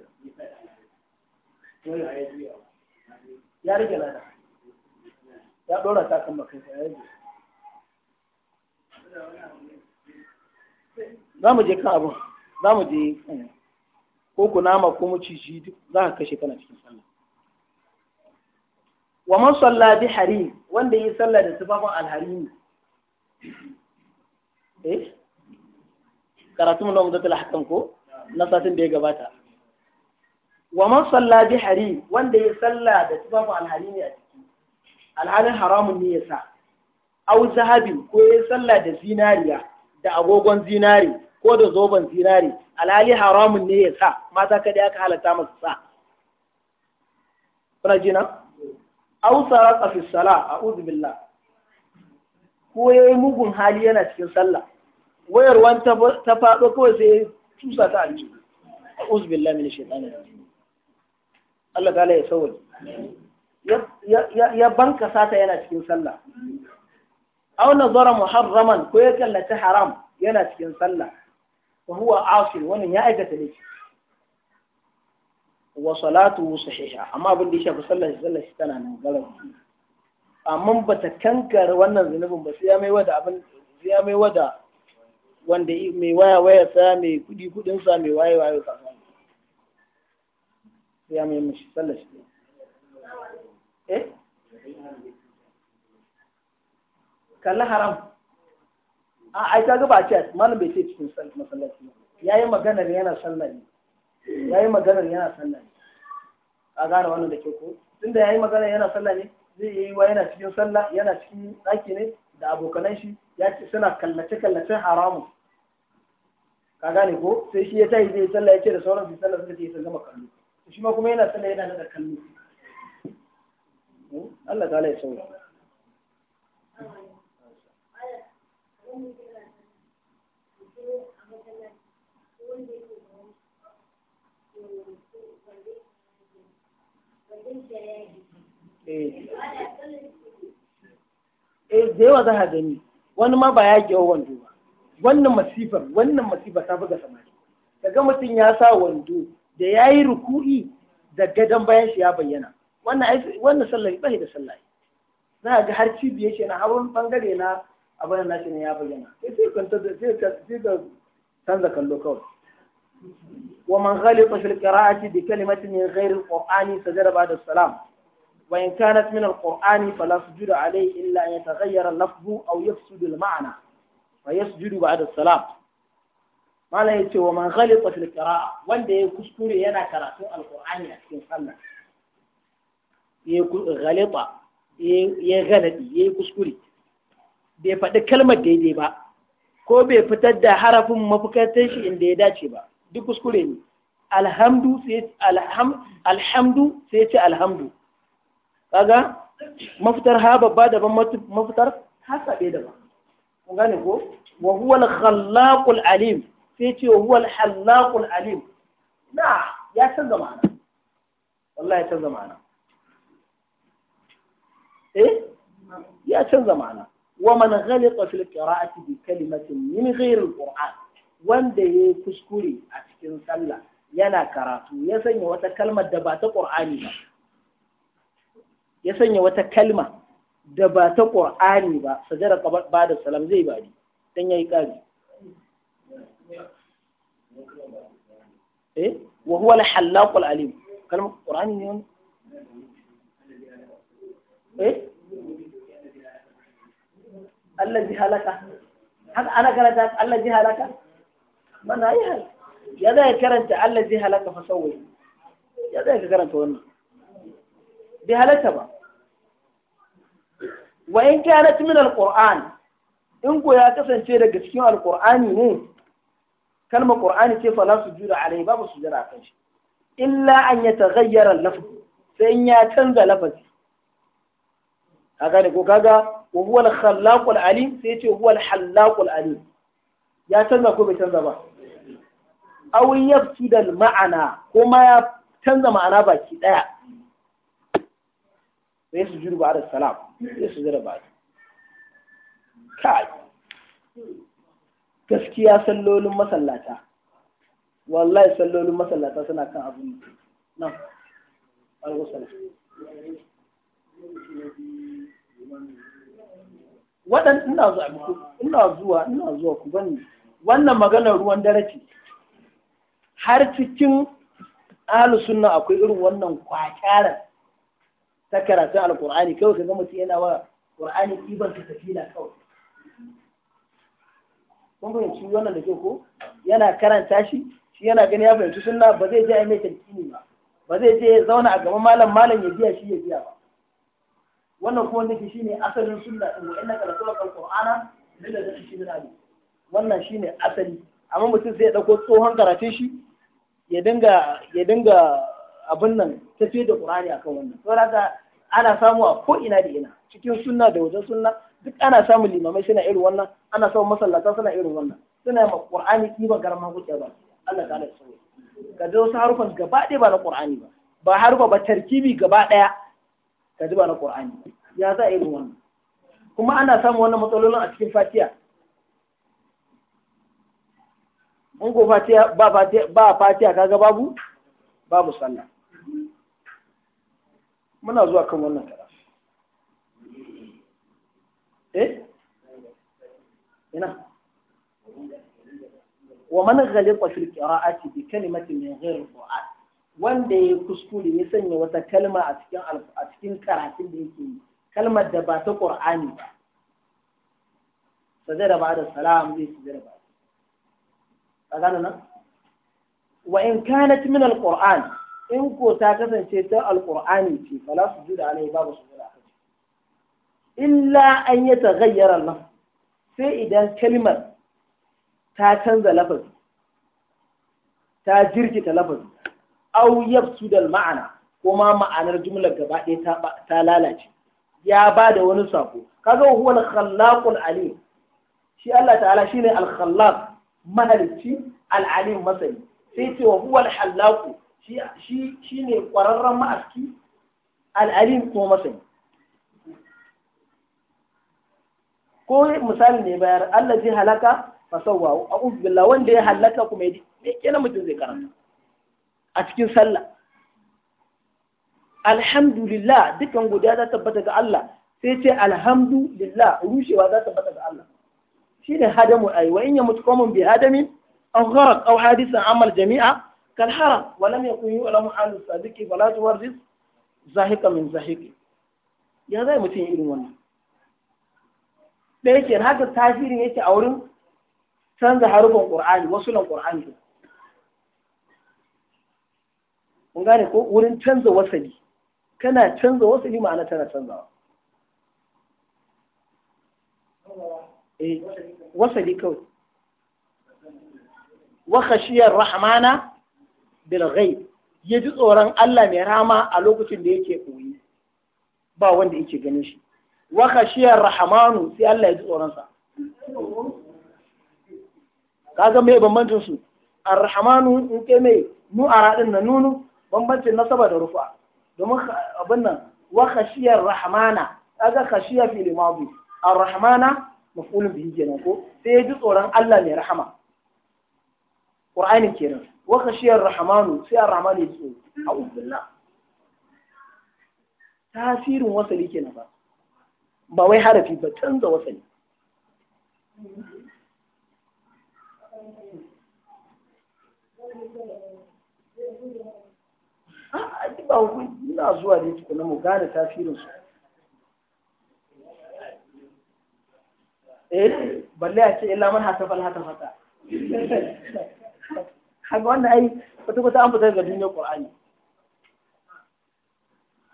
ya rage lada ya dora ta kan makai ya rage za mu je kan abin za mu je eh, ko kunama ko mu duk za ka kashe kana cikin sallah wa man salla bi harim wanda yi sallah da tufafin alharimi eh karatu mu na umdatul lahkan ko na satin da ya gabata wa man salla bi harim wanda yi sallah da tufafin alharimi a ciki alhalin haramun ne yasa, aw zahabi ko yi sallah da zinariya da agogon zinari ko da zoben zinari alhali haramun ne ya sa mata kada aka halatta masu sa kuna nan aw sarata fi sala a'udhu billah ko yayi mugun hali yana cikin sallah wayar wani ta faɗo kawai sai tusa ta aljihu a'udhu billahi min shaitanir rajim Allah ta'ala ya sauke ya banka sata yana cikin sallah aw nazara muharraman ko ya ta haram yana cikin sallah وهو عاصي asir يا ya aikata وصلاته wa salatu sahiha amma abin da ya shafi sallar shi sallar tana nan ba kankar wannan zunubin ba sai mai wada abin sai mai wada wanda mai waya waya sa mai kudi kudin sa mai waya-waya. sai mai eh? haram a ai ka ga ba ce malam bai ce cikin masallaci yayi maganar yana sallah ne yayi maganar yana sallah ne a gane wannan da ke ko tunda yayi maganar yana sallah ne zai yi wa yana cikin sallah yana cikin daki ne da abokanan shi ya ce suna kallace kallacen haramun ka gane ko sai shi ya tashi zai sallah ya ce da sauran su sallah suka ce sun gama kallo shi ma kuma yana sallah yana da kallo hmm? Allah ta ya sauya. Eh, eh da yawa za a gani wani ma ba ya gewa wando ba wannan masifar wannan masifar ta buga samari daga mutum ya sa wando da ya yi ruku'i da gadon bayan shi ya bayyana wannan sallar ba da sallah za a ga har cibiyar shi na har bangare na abin da na ya bayyana sai sai ka canza kallo kawai ومن غلط في القراءة بكلمة من غير القرآن سجد بعد السلام وإن كانت من القرآن فلا سجد عليه إلا أن يتغير اللفظ أو يفسد المعنى فيسجد بعد السلام ما لا يتوى ومن غلط في القراءة وانده يكسكور ينا كراءة القرآن لكن خلنا غلط يغلط يكسكور bai faɗi kalmar daidai ba ko bai fitar da harafin mafukatar shi inda ya dace ba duk kuskure ne alhamdu sai alhamdu sai ce alhamdu kaga mafitar ha babba daban mafitar ha sabe daban kun gane ko wa huwa al-khallaqul alim sai ce wa huwa al-khallaqul alim na ya san zamana wallahi ya san ma'ana eh ya san zamana wa man ghaliqa fil qira'ati bi kalimatin min ghairi al-qur'an wanda ya yi kuskure a cikin sallah yana karatu ya sanya wata kalma da ba ta ƙur'ani ba ya sanya wata kalma da ba ta ƙur'ani ba sajara ba da salam zai don dan yayi ƙari eh wa huwa al-hallaqul alim kalmar ƙur'ani ne wani? eh Allah ji halaka haka ana karanta ji halaka mana yi hal ya zai karanta Allah zai halaka fa ya zai ka karanta wannan bai halatta ba wa in kanat min alquran in ko ya kasance daga cikin alqur'ani ne kalma qur'ani ce fa la sujuda alai babu sujada kan shi illa an yataghayyara al-lafz sai in ya canza lafazi kaga ne ko kaga wa huwa al-khallaqul alim sai ce huwa al-hallaqul alim ya canza ko bai canza ba aw yafkidal ma'ana kuma ya canza ma'ana baki daya sai su juru ba da salam sai su jira ba kai gaskiya sallolin masallata wallahi sallolin masallata suna kan abin nan alwasala waɗanda ina zuwa ina zuwa ina zuwa ku bani wannan maganar ruwan dare ce har cikin ahlus sunna akwai irin wannan kwakyara ta karatun alqur'ani kawai zama mutum yana wa qur'ani iban ta tafila kawai kun fahimci wannan da ke ko yana karanta shi shi yana gani ya fahimci sunna ba zai je a mai tarkini ba ba zai je ya zauna a gaban malam malam ya biya shi ya biya ba wannan kuma nake shine asalin sunna din wa'anna karatu alqur'ana lilla da shi ne wannan shine asali amma mutum zai ɗauko tsohon karatun shi ya dinga ya dinga abin nan tafiye da qur'ani akan wannan saboda haka ana samu a ko ina da ina cikin sunna da wajen sunna duk ana samun limamai suna irin wannan ana samun masallata suna irin wannan suna ma ƙur'ani kiba garma kuke ba Allah ta'ala ya sauya ka ji wasu harufan gaba ɗaya ba na ƙur'ani ba ba harufa ba tarkibi gaba ɗaya ka ji ba na ƙur'ani, ya za irin wannan kuma ana samun wannan matsalolin a cikin fatiha mun ko ba fatiya ba fatiha kaga babu babu sallah muna zuwa kan wannan tara eh ina wa man ghalifa fil qira'ati bi kalimati min ghairi qira'at wanda ya kuskure ya sanya wata kalma a cikin a cikin karatun da yake yi kalmar da ba ta qur'ani ba sajada ba da salam zai sajada ba a nan wa in kanat min alquran in ko ta kasance ta alqur'ani ce fala da alai babu sujuda akai illa an yataghayyara al-lafz sai idan kalmar ta canza lafazi ta jirkita lafazi au yafsuda al-ma'ana kuma ma'anar jumlar gaba ɗaya ta lalace ya ba da wani sako kaga huwa al-khallaqul alim shi Allah ta'ala shine al-khallaq mahalicci al'alim masani sai ce wa huwa al shi shine kwararren ma'aski al'alim ko masani ko misali ne bayar Allah zai halaka fasawwa a billah wanda ya halaka kuma yi ne kenan mutum zai karanta a cikin sallah alhamdulillah dukan guda za ta tabbata ga Allah sai ce alhamdulillah rushewa za ta tabbata ga Allah shine hadamu yi wa in yamut qawmun bi adamin An gharq aw hadisan amal jami'a kal haram wa lam yakun yu'lamu halu sadiki wa la tuwarris zahika min zahiki ya zai mutum irin wannan ɗaya ke haka tasirin yake a wurin canza harufan ƙur'ani wasu lan ƙur'ani kun gane ko wurin canza wasali kana canza wasali ma'ana tana canzawa eh wasali kawai wakashiyar khashiyar rahmana bil ya ji tsoron Allah mai rama a lokacin da yake koyi ba wanda yake ganin shi Wakashiyar khashiyar rahmanu sai Allah ya ji tsoron sa kaga mai bambancin su ar-rahmanu in ke mai nu aradin na nunu bambancin nasaba da rufa domin abin nan wa khashiyar rahmana kaga khashiya fil madi ar maf'ulun bihi kenan ko sai ya ji tsoron Allah mai rahama Qur'ani kenan wa khashiyar rahmanu sai ar-rahmanu ya tsoro a'udhu billah tasirin wasali kenan ba ba wai harafi ba canza wasali a ba ina zuwa ne tukuna mu gane tasirin su eh balle a ce illa man hasafa al-hasafata kaga wannan ai kwata kwata an fitar da duniyar qur'ani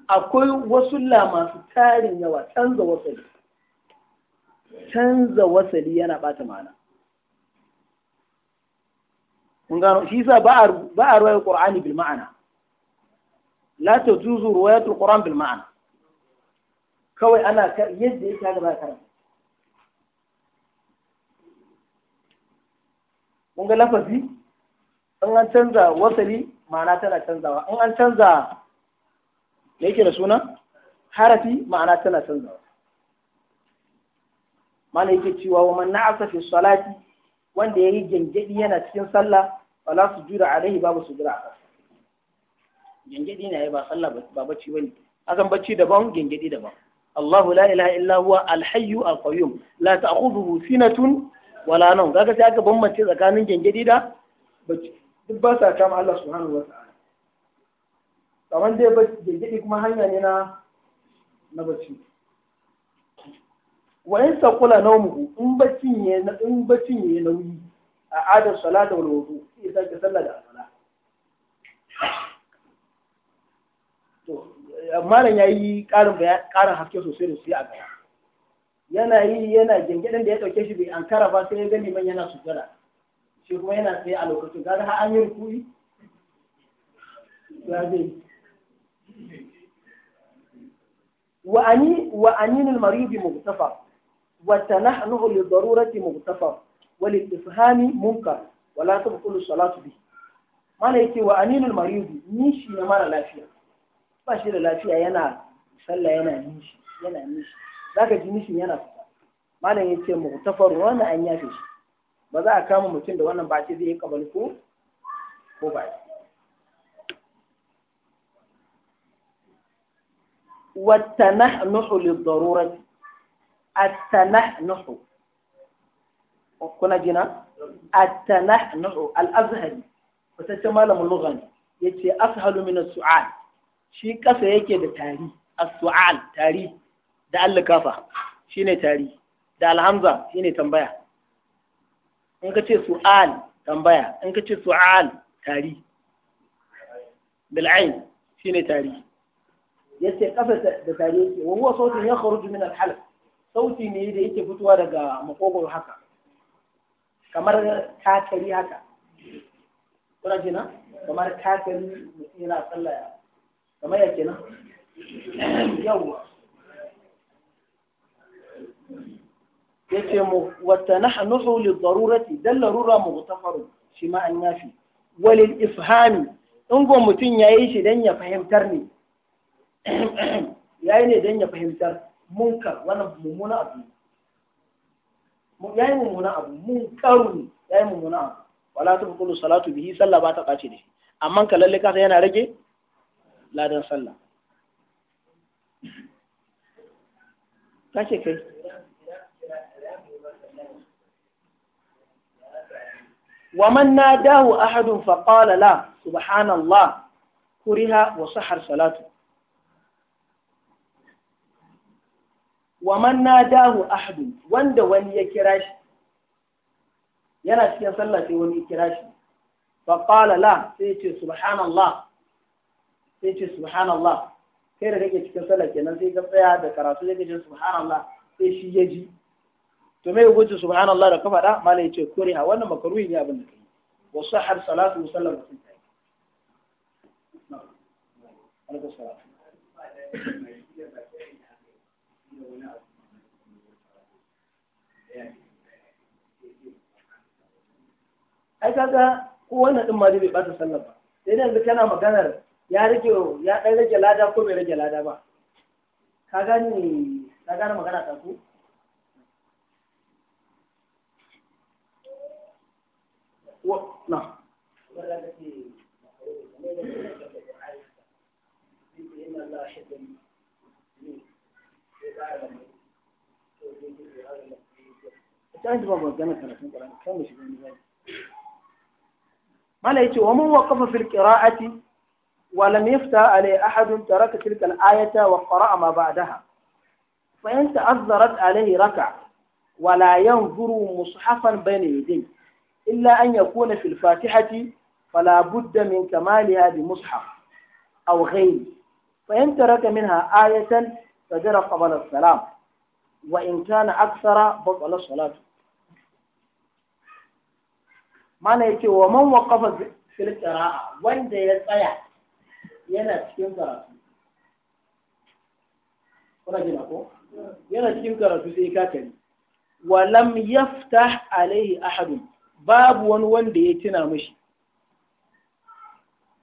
akwai wasu masu tarin yawa canza wasali canza wasali yana bata ma'ana kun gano shi yasa ba a ruwayar qur'ani bil ma'ana la tajuzu ruwayatul qur'an bil ma'ana kawai ana yadda yake haka za ka karanta mun ga lafazi in an canza wasali ma'ana tana canzawa in an canza da yake da suna harafi ma'ana tana canzawa mana yake cewa wa man na'asa fi salati wanda yayi gengedi yana cikin sallah wala su sujuda alaihi babu su a kansa gengedi ne ba sallah ba bacci bane azan bacci daban gengedi daban Allahu la ilaha illa huwa al-hayyu al-qayyum la ta'khudhuhu sinatun wala nan kaga sai aka bambance tsakanin gengedi da bacci duk ba sa kama Allah subhanahu wata'ala ta'ala kamar dai bacci gengedi kuma hanya ne na na bacci wa in saqula nawmuhu in bacci ne in bacci ne nauyi a adar salata wal wudu sai ka sallah da alwala to malam yayi karin karin haske sosai da su a gaba yana yi yana gingirin da ya dauke shi bai ankara ba sai ya gani man yana sujjada shi kuma yana tsaye a lokacin ga har an yi rukui ya zai wa ani wa al marid mugtafa wa tanahnu li darurati mugtafa wa li ifhami munkar wa la tabqulu salatu bi mana yake wa aninul maridi nishi na mara lafiya ba shi da lafiya yana sallah yana nishi yana nishi Zaka ji mishin yana fita malam ya ce mutafarin wannan an yafe shi ba za a kama mutum da wannan ba zai yi kabali ko ko ba والتنحنح للضرورة التنحنح kuna jina at-tanahnu al-azhari wata malamin lugha yace ashalu min as-su'al shi kasa yake da tari as-su'al tari da allikafa ne tari da alhamza ne tambaya in ka ce su'al tambaya in ka ce su'al tari bil'ain ne tari Ya ce kafa da tari yake wa huwa sautin ya kharuju min al sauti ne da yake fitowa daga makogoro haka kamar kakari haka kuna jina kamar kakari mutum yana sallaya. kamar yake na? yawwa yace mu wata nahnuhu li darurati dan larura mughtafaru shi ma an yafi walil ifhami in go mutun yayi shi dan ya fahimtar ne yayi ne dan ya fahimtar munkar wannan mummuna abu yayi mummuna abu munkaru ne yayi mummuna abu wala tubqulu salatu bihi sallah ba ta kace ne amma ka lalle ka yana rage ladan sallah kace kai ومن ناداه أحد فقال لا سبحان الله كره وصحر صلاته ومن ناداه أحد وند ولي كراش yana cikin sallah sai wani kira shi fa la sai ce subhanallah sai ce subhanallah kai da kake cikin sallah kenan sai ka tsaya da karatu sai ka subhanallah sai shi ya ji to me gudun subhanallah da ka faɗa malai ce kore ha wannan makaruhi ne abin da kai wa sahar salatu wa sallam sun tayi ai kaga ko wannan din ma dai bai bata sallar ba sai yanzu kana maganar ya rage ya dan rage lada ko bai rage lada ba ka gani ka gane magana ta ku و... نعم ما لا يجي ومن وقف في القراءة ولم يفتى عليه أحد ترك تلك الآية وقرأ ما بعدها فإن تأثرت عليه ركع ولا ينظر مصحفا بين يديه illa an yakuna fil fatihati fala budda min kamaliha bi mushaf aw ghayri raka min taraka minha ayatan fajara qabla salam wa in kana akthara batala salatu mana yace wa man waqafa fil qira'a wanda ya tsaya yana cikin karatu wa yaftah alaihi ahadun babu wani wanda ya tuna mashi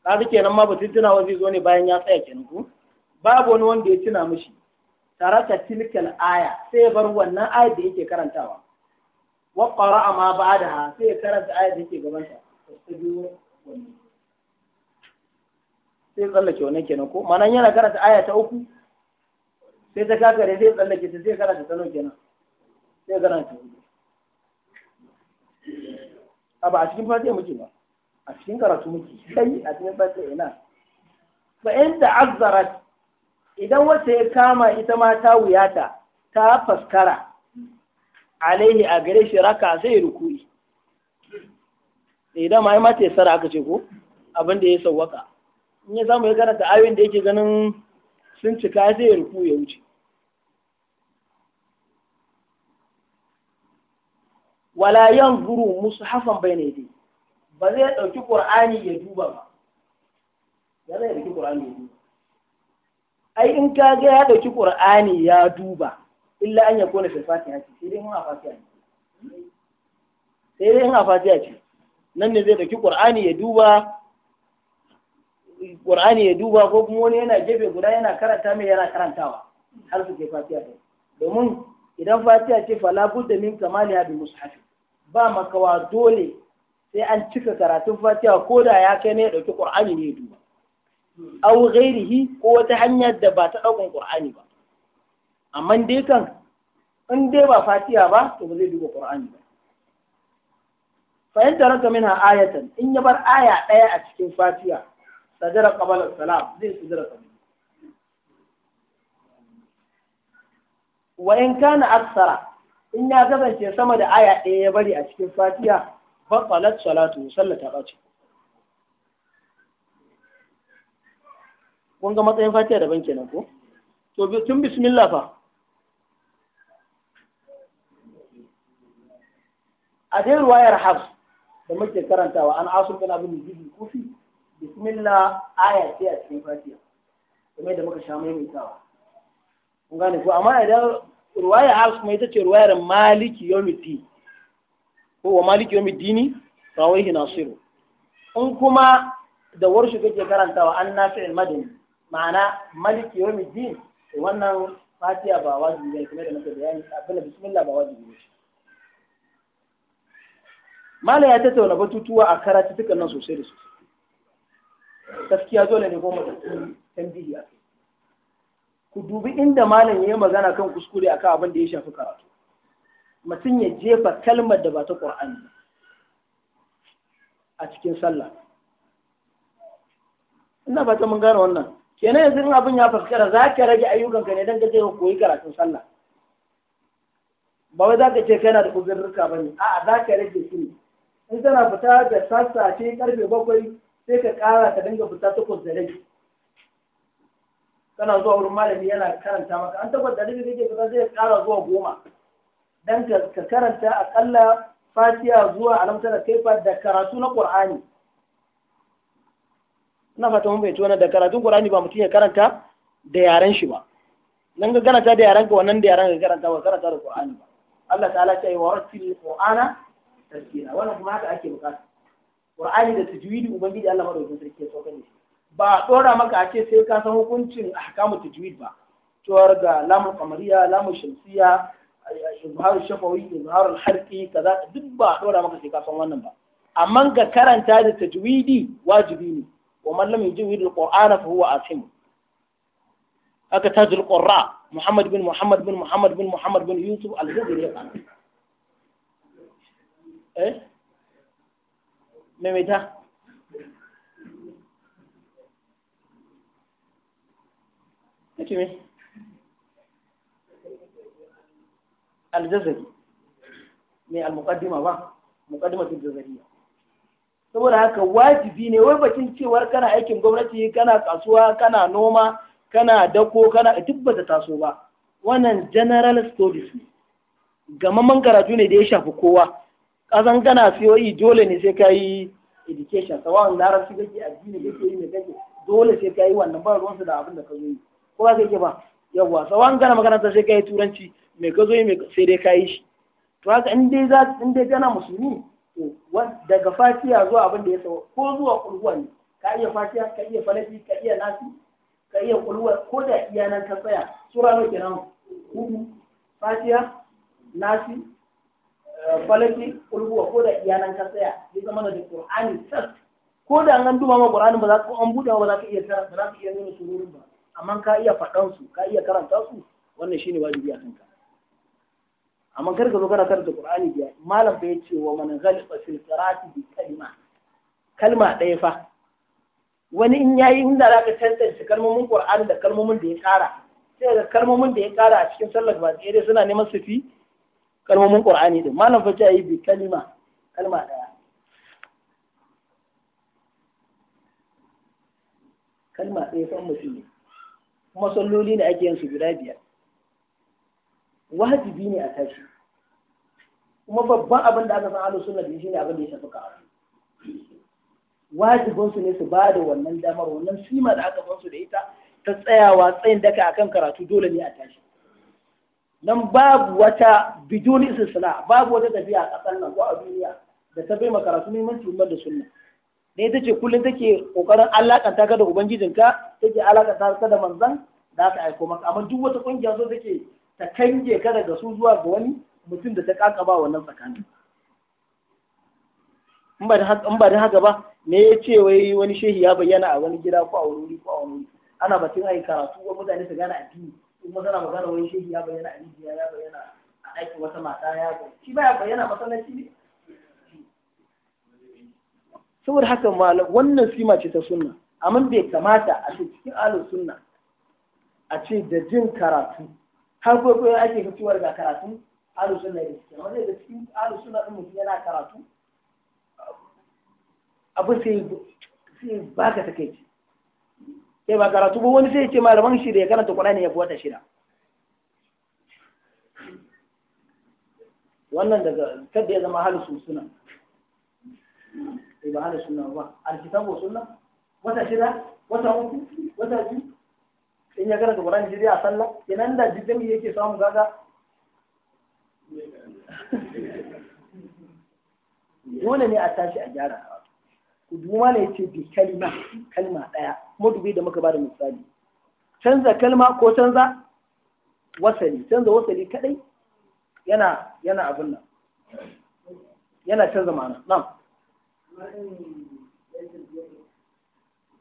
kaga kenan ma batun tunawa zai zo ne bayan ya tsaya kenan ku babu wani wanda ya tuna mashi taraka tilkal aya sai bar wannan aya da yake karantawa wa qara'a ma ba'daha sai ya karanta aya da yake gabanta sai tsallake wannan kenan ko ma'ana yana karanta aya ta uku sai ta kakare sai tsallake ta sai karanta ta nau kenan sai karanta ta hudu a ba a cikin fatiha muke ba a cikin karatu muke sai a cikin fatiha ina fa inda azzarat idan wata ya kama ita ma ta wuyata ta faskara alaihi a gare shi raka sai rukui idan eh, ma mata ya sara aka ce ko abin da ya sauwaka. in ya samu ya karanta ayoyin da yake ganin sun cika sai ya ruku ya wuce wala musu hafan bai ne ce, ba zai dauki ƙur'ani ya duba ba ya zai dauki ƙur'ani ya duba ai in ka ga ya dauki qur'ani ya duba illa an yakuna fi fatiha sai dai mun a fatiha sai dai in a fatiha ce nan ne zai dauki ƙur'ani ya duba qur'ani ya duba ko kuma wani yana gefe guda yana karanta mai yana karantawa har su ke fatiha domin idan fatiha ce fala budda min kamaliha bi mushafin ba makawa dole sai an cika karatun fatiha ko da ya kai ne ya ɗauki ƙur'ani ne duba au ghairihi ko wata hanyar da ba ta ɗaukan ƙur'ani ba amma dai kan in dai ba fatiha ba to ba zai duba ƙur'ani ba fahimta raka minha ayatan in ya bar aya ɗaya a cikin fatiha sadara qabala salam zai sadara qabala wa in kana aksara in ya kasance sama da aya ɗaya ya bari a cikin fatiha batsalat salatu sallata ɓace kun ga matsayin fatiha daban kenan ko to tun bismillah fa a dai ruwayar hafs da muke karantawa an asu bin jibi kufi bismillah aya ce a cikin fatiya kuma da muka sha maimaitawa kun gane ko amma idan ruwaya hafs kuma ita ce ruwayar maliki yawmiddin ko wa maliki yawmiddini rawaihi nasiru in kuma da warshi kake karantawa an nafi madani ma'ana maliki yawmiddin wannan fatiya ba wajibi ne kuma da nake bayani abin da bismillah ba wajibi ne mala ya tattauna batutuwa a karatu tukan nan sosai da sosai gaskiya dole ne goma da tambihi a kai ku dubi inda malam ya yi magana kan kuskure a akan abin da ya shafi karatu mutum ya jefa kalmar da ba ta ƙur'ani a cikin sallah ina ba mun gane wannan kenan yanzu in abin ya fuskara za ka rage ayyukanka ne don ka je koyi karatun sallah ba wai za ka ce kana da uzurruka ba ne a'a za ka rage su ne in tana fita da ce karfe bakwai sai ka kara ka dinga fita takwas da rage kana zuwa wurin malami yana karanta maka an tabbata da kake kaza zai kara zuwa goma dan ka karanta akalla fatiha zuwa kai fa da karatu na qur'ani ina fata mun bai tona da karatun qur'ani ba mutum ya karanta da yaran shi ba nan ga karanta da yaran ka wannan da yaren ka karanta ba karanta da qur'ani ba Allah ta'ala ce wa ratil qur'ana tazkira wannan kuma haka ake bukata qur'ani da tajwidi ubangiji Allah madaukakin sarki ya saukar da shi ba dora maka a ce sai ka san hukuncin ta tajwid ba cewar ga lamun kamariya lamun shamsiya izhar shafawi izhar al kaza duk ba dora maka sai ka san wannan ba amma ga karanta da tajwidi wajibi ne wa mallam lam yujwid al ƙwa'ana fa huwa asim aka jil ƙwarra, muhammad bin muhammad bin muhammad bin muhammad bin yusuf al-hudri eh maimaita ce me aljazari mai almuqaddima ba muqaddimatul jazariya saboda haka wajibi ne wai bakin cewar kana aikin gwamnati kana kasuwa kana noma kana dako kana duk ba ta taso ba wannan general studies ne gamaman karatu ne da ya shafi kowa ƙasan kana siyoyi e dole ne sai ka yi education sawan larabci ke addini kake yi mai kake dole sai ka yi wannan ba ruwansu da abin da ka zo yi ko ba kake ba yawwa tsawon gana makaranta sai ka yi turanci mai ka zo mai sai dai ka yi shi to haka in dai musulmi to daga fatiya zuwa abin da ya sawa ko zuwa kulwa ne ka iya fatiya ka iya falafi ka iya nasi ka iya kulwa ko da iya nan ka tsaya sura nake nan hudu fatiya nasi eh, falafi, kulwa ko da iya nan ka tsaya zai zama da qur'ani tas ko da an duba ma qur'ani ba za ka an buɗe ba za ka iya ba za ka iya nuna surorin ba amma ka iya faɗan su ka iya karanta su wannan shine wajibi a kanka amma kar ka zo kana karanta Qur'ani biya malam bai ce wa man ghalifa fil qira'ati bi kalima kalma ɗaya fa wani in yayi inda zaka tantance kalmomin Qur'ani da kalmomin da ya kara sai ga kalmomin da ya kara a cikin sallar ba dai suna neman su fi kalmomin Qur'ani din malam fa ayi bi kalima kalma ɗaya kalma ɗaya fa mutum ne kuma salloli ne ake yin guda biyar wajibi ne a tashi kuma babban abin da aka san ahlus sunna da shine abin da ya shafi ka wajibin su ne su ba da wannan damar wannan sima da aka su da ita ta tsayawa tsayin daka akan karatu dole ne a tashi nan babu wata biduni istisna babu wata tafiya a ƙasar nan ko a duniya da ta bai karatu muhimmanci umar da sunna sai ita ce kullum take kokarin alakanta ka da ubangijinka take alakanta ka da manzan da ta aiko maka amma duk wata kungiya so take ta kange ka daga su zuwa ga wani mutum da ta kakaba wannan tsakanin in ba da haka ba me ya ce wai wani shehi ya bayyana a wani gida ko a wani wuri ko a wani wuri ana batun ayi karatu wa mutane su gane addini in magana magana wani shehi ya bayyana a rijiya ya bayyana a aiki wata mata ya bayyana shi ba ya bayyana masallaci ne saboda haka malam wannan sima ce ta sunna amma bai kamata a ce cikin alin sunna a ce da jin karatu har kwaikwayo ake fitowar ga karatu? alin sunna da cikin wanda da cikin alin sunna din mutum yana karatu abu sai sai baka take kai sai ba karatu ba wani sai ya ce malaman shi da ya karanta qur'ani ya fi wata shida wannan daga kadda ya zama halin sunna. sai ba hana sunna ba alkitabu sunna wata shida wata uku wata biyu in ya karanta Qur'ani shi a sallah kenan da jidami yake samu gaga dole ne a tashi a gyara ku duma ne ce bi kalma kalma daya kuma dubi da muka da misali canza kalma ko canza wasali canza wasali kadai yana yana abin nan yana canza ma'ana na'am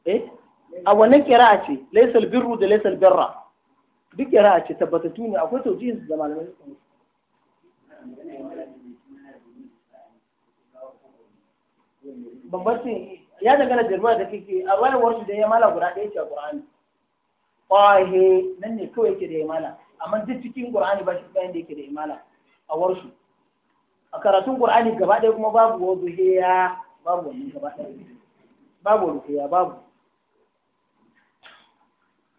eh a wannan kira'a ce laisal birru da laisal birra duk kira'a ce tabbatattu ne akwai taujihin da malamai bambancin ya dangana da ruwa da kike a rayuwar shi da ya mala guda ɗaya ce a Qur'ani ƙwahe nan ne kawai yake da ya mala amma duk cikin ƙur'ani ba shi bayan da yake da ya mala a warsu a karatun ƙur'ani gaba ɗaya kuma babu wazo ya babu wannan gaba ɗaya babu rukiya babu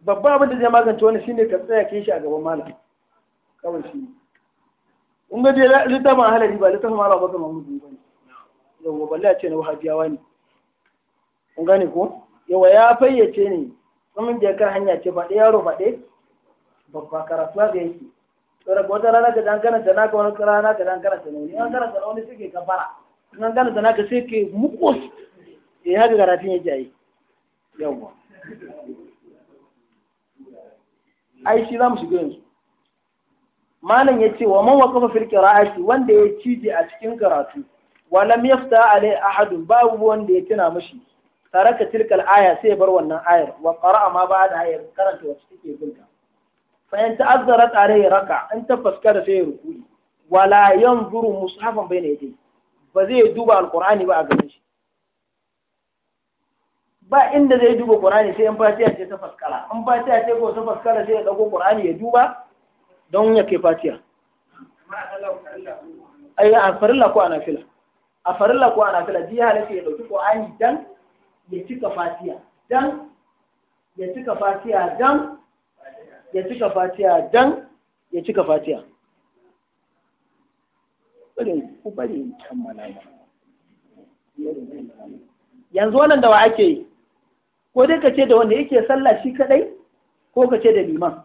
babba abin da zai magance wani shine ka tsaya ke shi a gaban malam kawai shi in ga dai littafin halari ba littafin malam ba kamar mutum ba ne yawwa balle a ce na wahabiyawa ne kun gane ko yawa ya fayyace ne tsamin da ya kar hanya ce ba faɗe yaro ba faɗe babba karatu ga yake tsara wata rana ka dan na naka wani rana ka dan karanta ne wani an karanta wani suke kafara nan gane zana ka sai ke mukos ya haka karatun ya jaye yawwa ai shi za mu shiga yanzu malam ya ce wa man kafa firki ra'ashi wanda ya cije a cikin karatu wa lam yafta alai ahadun babu wanda ya tuna mashi. taraka tilka al-aya sai bar wannan ayar wa qara'a ma da ayar karanta wacce take bulka fa in ta'azzarat alai raka in ta faskara sai ruku'i wala yanzuru mushafan bayna yadayhi ba zai duba alkur'ani ba a gaban shi ba inda zai duba qur'ani sai in fatiha ce ta faskara in fatiha ce ko ta faskara sai ya dauko qur'ani ya duba don ya kai fatiha ai a farilla ko ana fila a farilla ko ana fila ji halatta ya dauki qur'ani dan ya cika fatiha dan ya cika fatiha dan ya cika fatiha dan ya cika fatiha ku bari in kammala yanzu wannan da wa ake yi ko dai ka ce da wanda yake sallah shi kadai ko ka ce da liman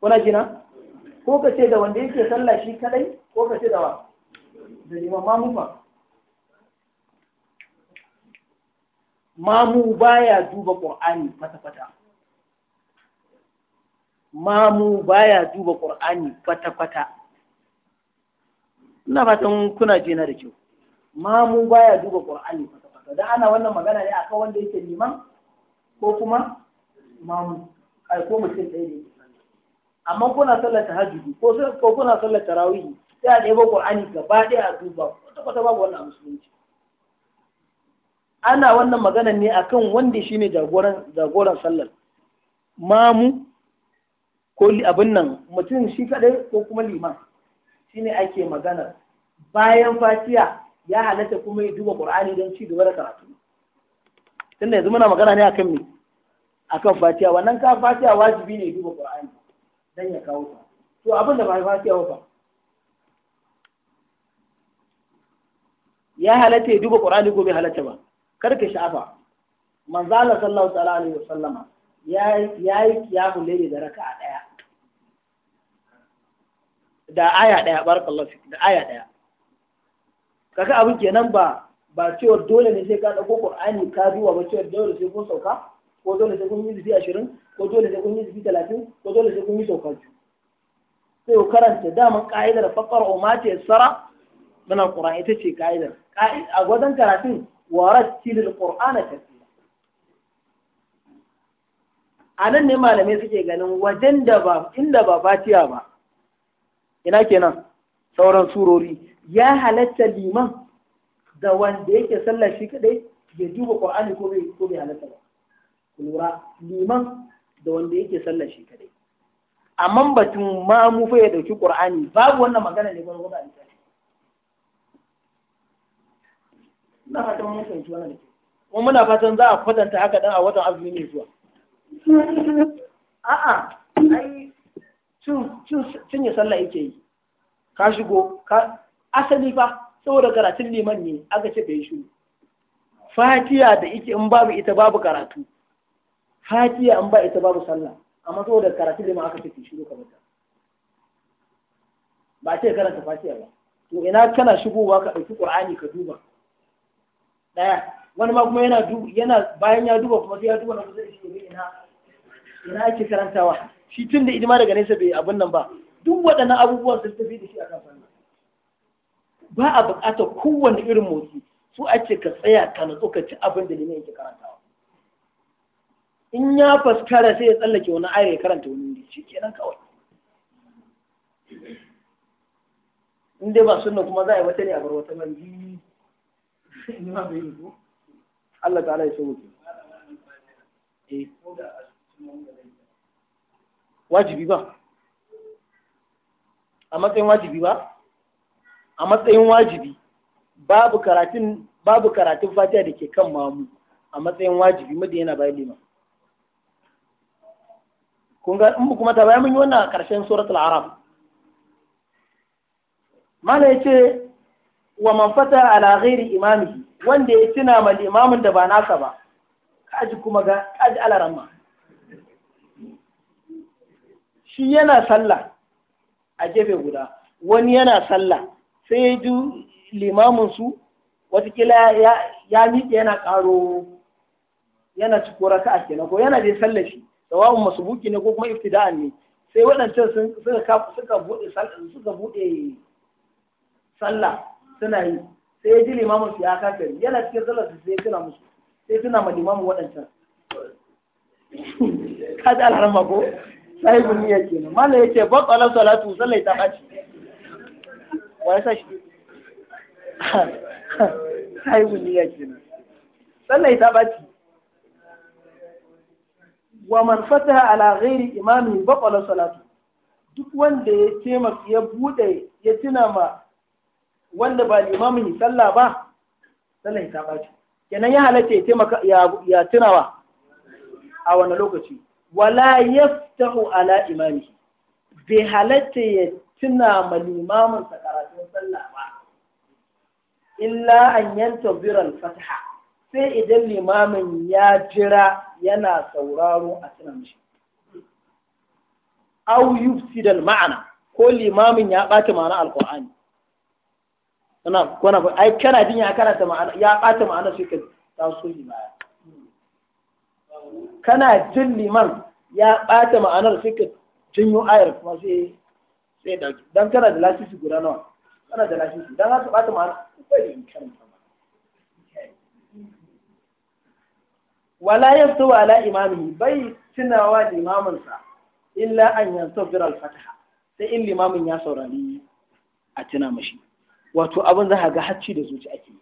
kuna jina ko ka ce da wanda yake sallah shi kadai ko ka ce da wa da liman mamu ba mamu baya duba qur'ani kwata-kwata mamu baya duba qur'ani kwata-kwata ina fatan kuna jina da kyau ma mu baya duba qur'ani kwata kwata Da ana wannan magana ne akan wanda yake liman ko kuma mamu ai ko mutum ɗaya ne amma kuna sallar tahajjudi ko ko kuna sallar tarawih sai a ɗebo qur'ani gaba ɗaya a duba kwata kwata babu wannan musulunci ana wannan magana ne akan wanda shine jagoran jagoran sallar mamu ko abin nan mutum shi kadai ko kuma liman ne ake magana bayan fatiya ya halatta kuma ya duba qur'ani don ci gaba da karatu tunda yanzu muna magana ne akan me akan fatiya wannan ka fatiya wajibi ne ya duba qur'ani dan ya kawo ta to abin da ba fatiya ba ya halatta ya duba qur'ani ko bai halatta ba kar ka shafa manzo Allah sallallahu alaihi wasallama ya yi kiyamu laili da raka'a daya da aya ɗaya barka Allah da aya ɗaya kaga abin kenan ba ba cewa dole ne sai ka ɗauko Qur'ani ka duba ba cewa dole sai kun sauka ko dole sai kun yi zubi ashirin ko dole sai kun yi zubi talatin ko dole sai kun yi sauka sai ku karanta daman ka'idar faƙar ce sara muna Qur'an ita ce ka'idar a gwadon karatun warar tilil Qur'ana ta a nan ne malamai suke ganin wajen da ba inda ba fatiya ba ina kenan sauran surori ya halatta liman da wanda yake sallah shi kadai ya duba qur'ani ko bai ko bai halatta ba lura liman da wanda yake sallah shi kadai amma batun ma mu fa ya dauki qur'ani babu wannan magana ne ba a littafi ina fatan mun fahimci wannan kuma muna fatan za a kwatanta haka dan a watan azumi ne zuwa a'a ai cinye sallah yake yi ka shigo ka asali ba saboda karatun liman ne aka ce bai shiru fatiya da ike in babu ita babu karatu fatiya in ba ita babu sallah amma saboda karatun liman aka ce bai shiru ka mutu ba ce karanta fatiya ba to ina kana shigowa ka ɗauki qur'ani ka duba ɗaya wani ma kuma yana bayan ya duba kuma sai ya duba na kusa da shi ina ina ake karantawa shi tun da idima daga nesa bai abin nan ba duk waɗannan abubuwan sun tafi da shi a kan fannin ba a buƙatar kowanne irin motsi su ake ka tsaya ka natsu ka ci abin da limin yake karantawa in ya faskara sai ya tsallake wani ayar ya karanta wani ne shi kenan kawai in dai ba sunna kuma za a yi wata ne a bar wata mangi Allah ta'ala ya so mutu. Eh. wajibi ba a matsayin wajibi ba a matsayin wajibi babu karatun babu karatun fatiha da ke kan mamu a matsayin wajibi muda yana bayan lima. kun ga in kuma ta bayan mun yi wannan a ƙarshen suratul arab mala yace wa man fata ala ghairi imamihi wanda ya tuna mal imamin da ba naka ba kaji kuma ga kaji alaramma shi yana sallah a gefe guda wani yana sallah sai ya ji limamin watakila ya miƙe yana ƙaro yana ciko raka'a kenan ko yana dai sallah shi masu buki ne ko kuma ibtida'an ne sai waɗancan suka suka buɗe suka buɗe sallah suna yi sai ya ji limamin su ya kafiri yana cikin sallar su sai tuna musu sai tuna ma limamin waɗancan ji alharan ko sahibin niyya kenan mala yace batala salatu sallai ta ɓaci. wa ya shi sahibin niyya nan sallai ta ɓaci. wa man fataha ala ghairi imami batala salatu duk wanda ya taimaka ya bude ya tuna ma wanda ba limamin sallah ba Sallai ta ɓaci. kenan ya halatta ya taimaka ya tunawa a wani lokaci wala yaftahu ala imami, bai halatta ya tuna ma limamin sa karatun sallah ba illa an yanta biral fataha sai idan limamin ya jira yana sauraro a tunan shi au yufsidal ma'ana ko limamin ya ɓata ma'ana alqur'ani kana kana ai kana jin ya karanta ma'ana ya ɓata ma'ana sai ka taso shi kana jin liman ya ɓata ma'anar sai ka janyo ayar kuma sai sai dauki dan kana da lasisi guda nawa kana da lasisi dan za ka ɓata ma'anar bai yi karanta wala yaftu ala imami bai tunawa limaminsa illa an yantazira al-fataha sai in limamin ya saurari a tuna mashi wato abin za ga hacci da zuci ake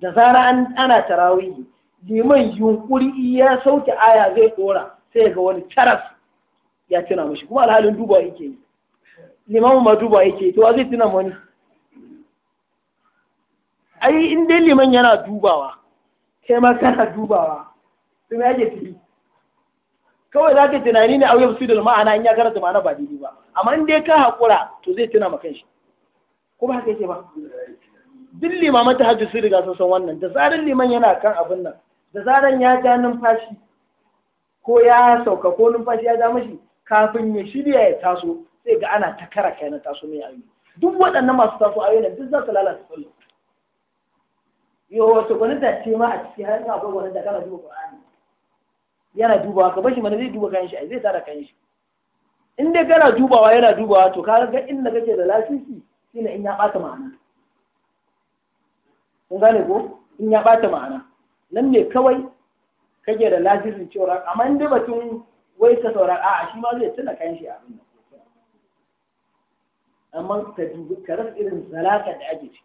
da zara ana tarawih liman yunkuri ya sauke aya zai ɗora, sai ga wani taras ya tuna mashi kuma alhalin duba yake yi limamin ma duba yake to zai tuna wani ai in dai liman yana dubawa kai ma kana dubawa to me yake tafi kawai za ka tunani ne auyar su da ma'ana in ya karanta ma'ana ba daidai ba amma in dai ka haƙura to zai tuna ma kanshi ko ba haka yake ba duk limaman ta hajji sun riga sun san wannan da tsarin liman yana kan abin nan da zaran ya ja numfashi ko ya sauka ko numfashi ya ja mashi kafin ya shirya ya taso sai ga ana ta kara kai na taso mai ayoyi duk waɗannan masu taso ayoyi na duk za su lalata sallah yo wato wani da ce ma a ciki har ina akwai wani da kana duba qur'ani yana dubawa ka bashi mana zai duba kayan shi zai tara kayan shi in dai kana dubawa yana dubawa to ka ga inda kake da lasisi shine in ya bata ma'ana kun gane ko in ya bata ma'ana nan ne kawai kage da lafirin cewa amma in dai batun wai ka a a'a shi ma zai tuna kan shi abin nan amma ka dubi ka rasa irin zalaka da ake ciki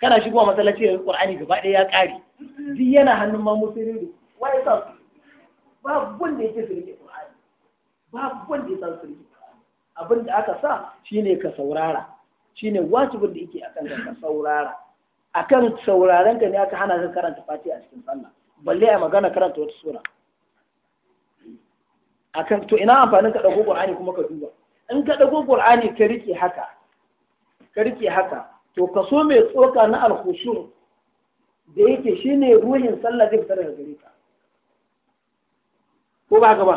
kana shigowa masallaci da Qur'ani gaba ɗaya ya kare duk yana hannun ma musulmi wai sa ba wanda yake su rike Qur'ani ba wanda ya yake su rike Qur'ani abin da aka sa shine ka saurara shine wajibin da yake akan ka saurara akan sauraren ka ne aka hana ka karanta fati a cikin sallah balle a magana karanta wata sura akan to ina amfanin ka dago qur'ani kuma ka duba in ka dago qur'ani ka rike haka ka rike haka to kaso mai tsoka na alkhushu da yake shine ruhin sallah zai fitar daga gare ka ko ba haka ba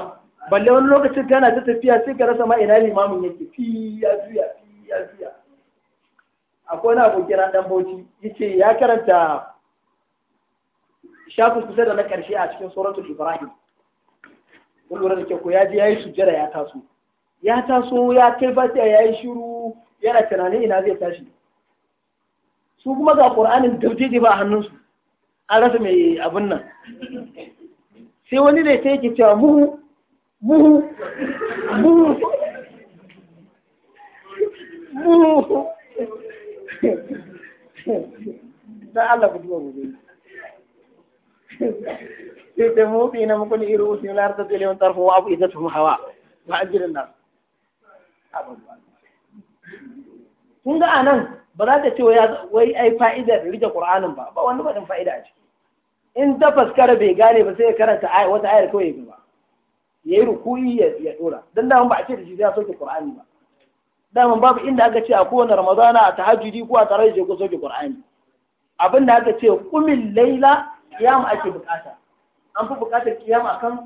balle wani lokacin kana ta tafiya sai ka rasa ma ina limamin yake fi ya juya fi ya juya akwai na abokin ran dan bauchi yace ya karanta shafin kusa da na ƙarshe a cikin suratul ibrahim kun lura da ke ko ya je yi sujjada ya taso ya taso ya kai ya yayi shiru yana tunanin ina zai tashi su kuma ga qur'anin daudidi ba a hannunsu an rasa mai abin nan sai wani da ta yake cewa muhu muhu muhu muhu da Allah ku duba gobe sai da mu bi na muku ni iru lar arda tele on tarfo abu idan idatuhum hawa ba ajirin nan kun ga anan ba za ta ce wai ai fa'idar rike qur'anin ba ba wani badin fa'ida a ciki in ta faskara bai gane ba sai ya karanta wata ayar kawai ba yayi ruku'i ya dora dan da ba a ce da shi zai soke qur'ani ba daman babu inda aka ce a kowane ramadana a tahajjudi ko a tare da ko soke qur'ani abin da aka ce kumin laila qiyam ake bukata an fi bukata qiyam akan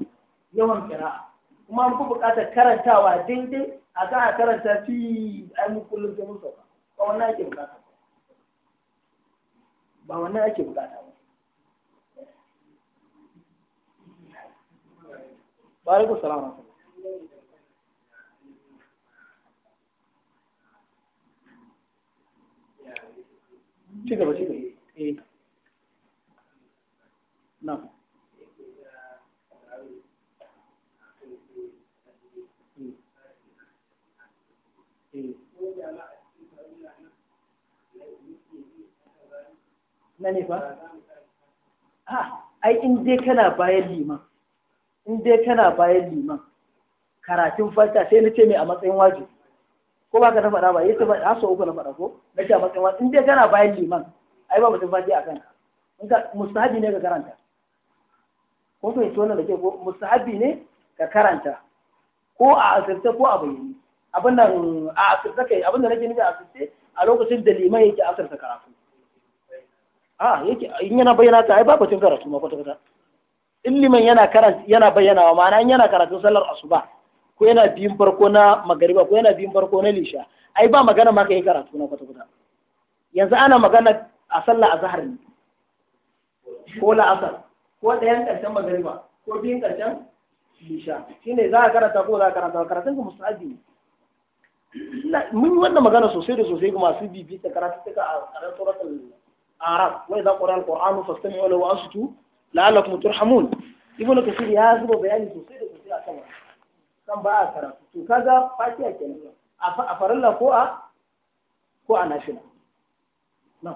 yawan qira'a kuma an fi bukata karantawa daidai a kan a karanta fi ainihin kullum da musu ba wannan ake bukata ba wannan ake bukata ba ba alaikum salam chigaba chigaba ci eh na na ne fa? ha ai in dai kana bayan liman in dai kana bayan liman karatun fata sai na ce mai a matsayin wajibi ko ba ka ta faɗa ba yake ba har uku na faɗa ko na ce a matsayin in inda kana bayan liman ai ba mutum fati a kanka in ka mustahabi ne ka karanta ko to yace wannan da ke ko mustahabi ne ka karanta ko a asirce ko a bayyane abin nan a asirce kai abin da nake nufi a asirce a lokacin da liman yake asirce karatu a yake in yana bayyana ta ai ba batun karatu ma kwata kwata in liman yana karanta yana bayyanawa ma'ana in yana karatu sallar asuba ko yana biyun farko na magariba ko yana biyun farko na lisha ai ba magana ma ka yi karatu na kwata kwata yanzu ana magana a sallah azhar ne ko la'asar ko dayan karshen magariba ko biyun ƙarshen lisha shine za a karanta ko za a karanta karatun ka musabi ne mun yi wannan magana sosai da sosai ga masu bibi ta karatu suka a karan suratul arab wai za qur'an qur'an fastami'u lahu wa ansitu la'allakum turhamun ibnu kasir ya zuba bayani sosai da sosai a kan kan ba a karatu to kaga fatiha kenan a farilla ko a ko a nashina na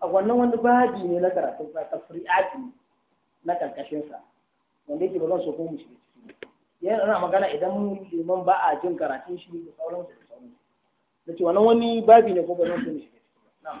a wannan wani babi ne na karatun tafri'ati na sa wanda yake ba zan so ko mu shi ciki yana ana magana idan liman ba a jin karatun shi da su da sauransu da ce wannan wani babi ne ko ba zan so mu shiga na'am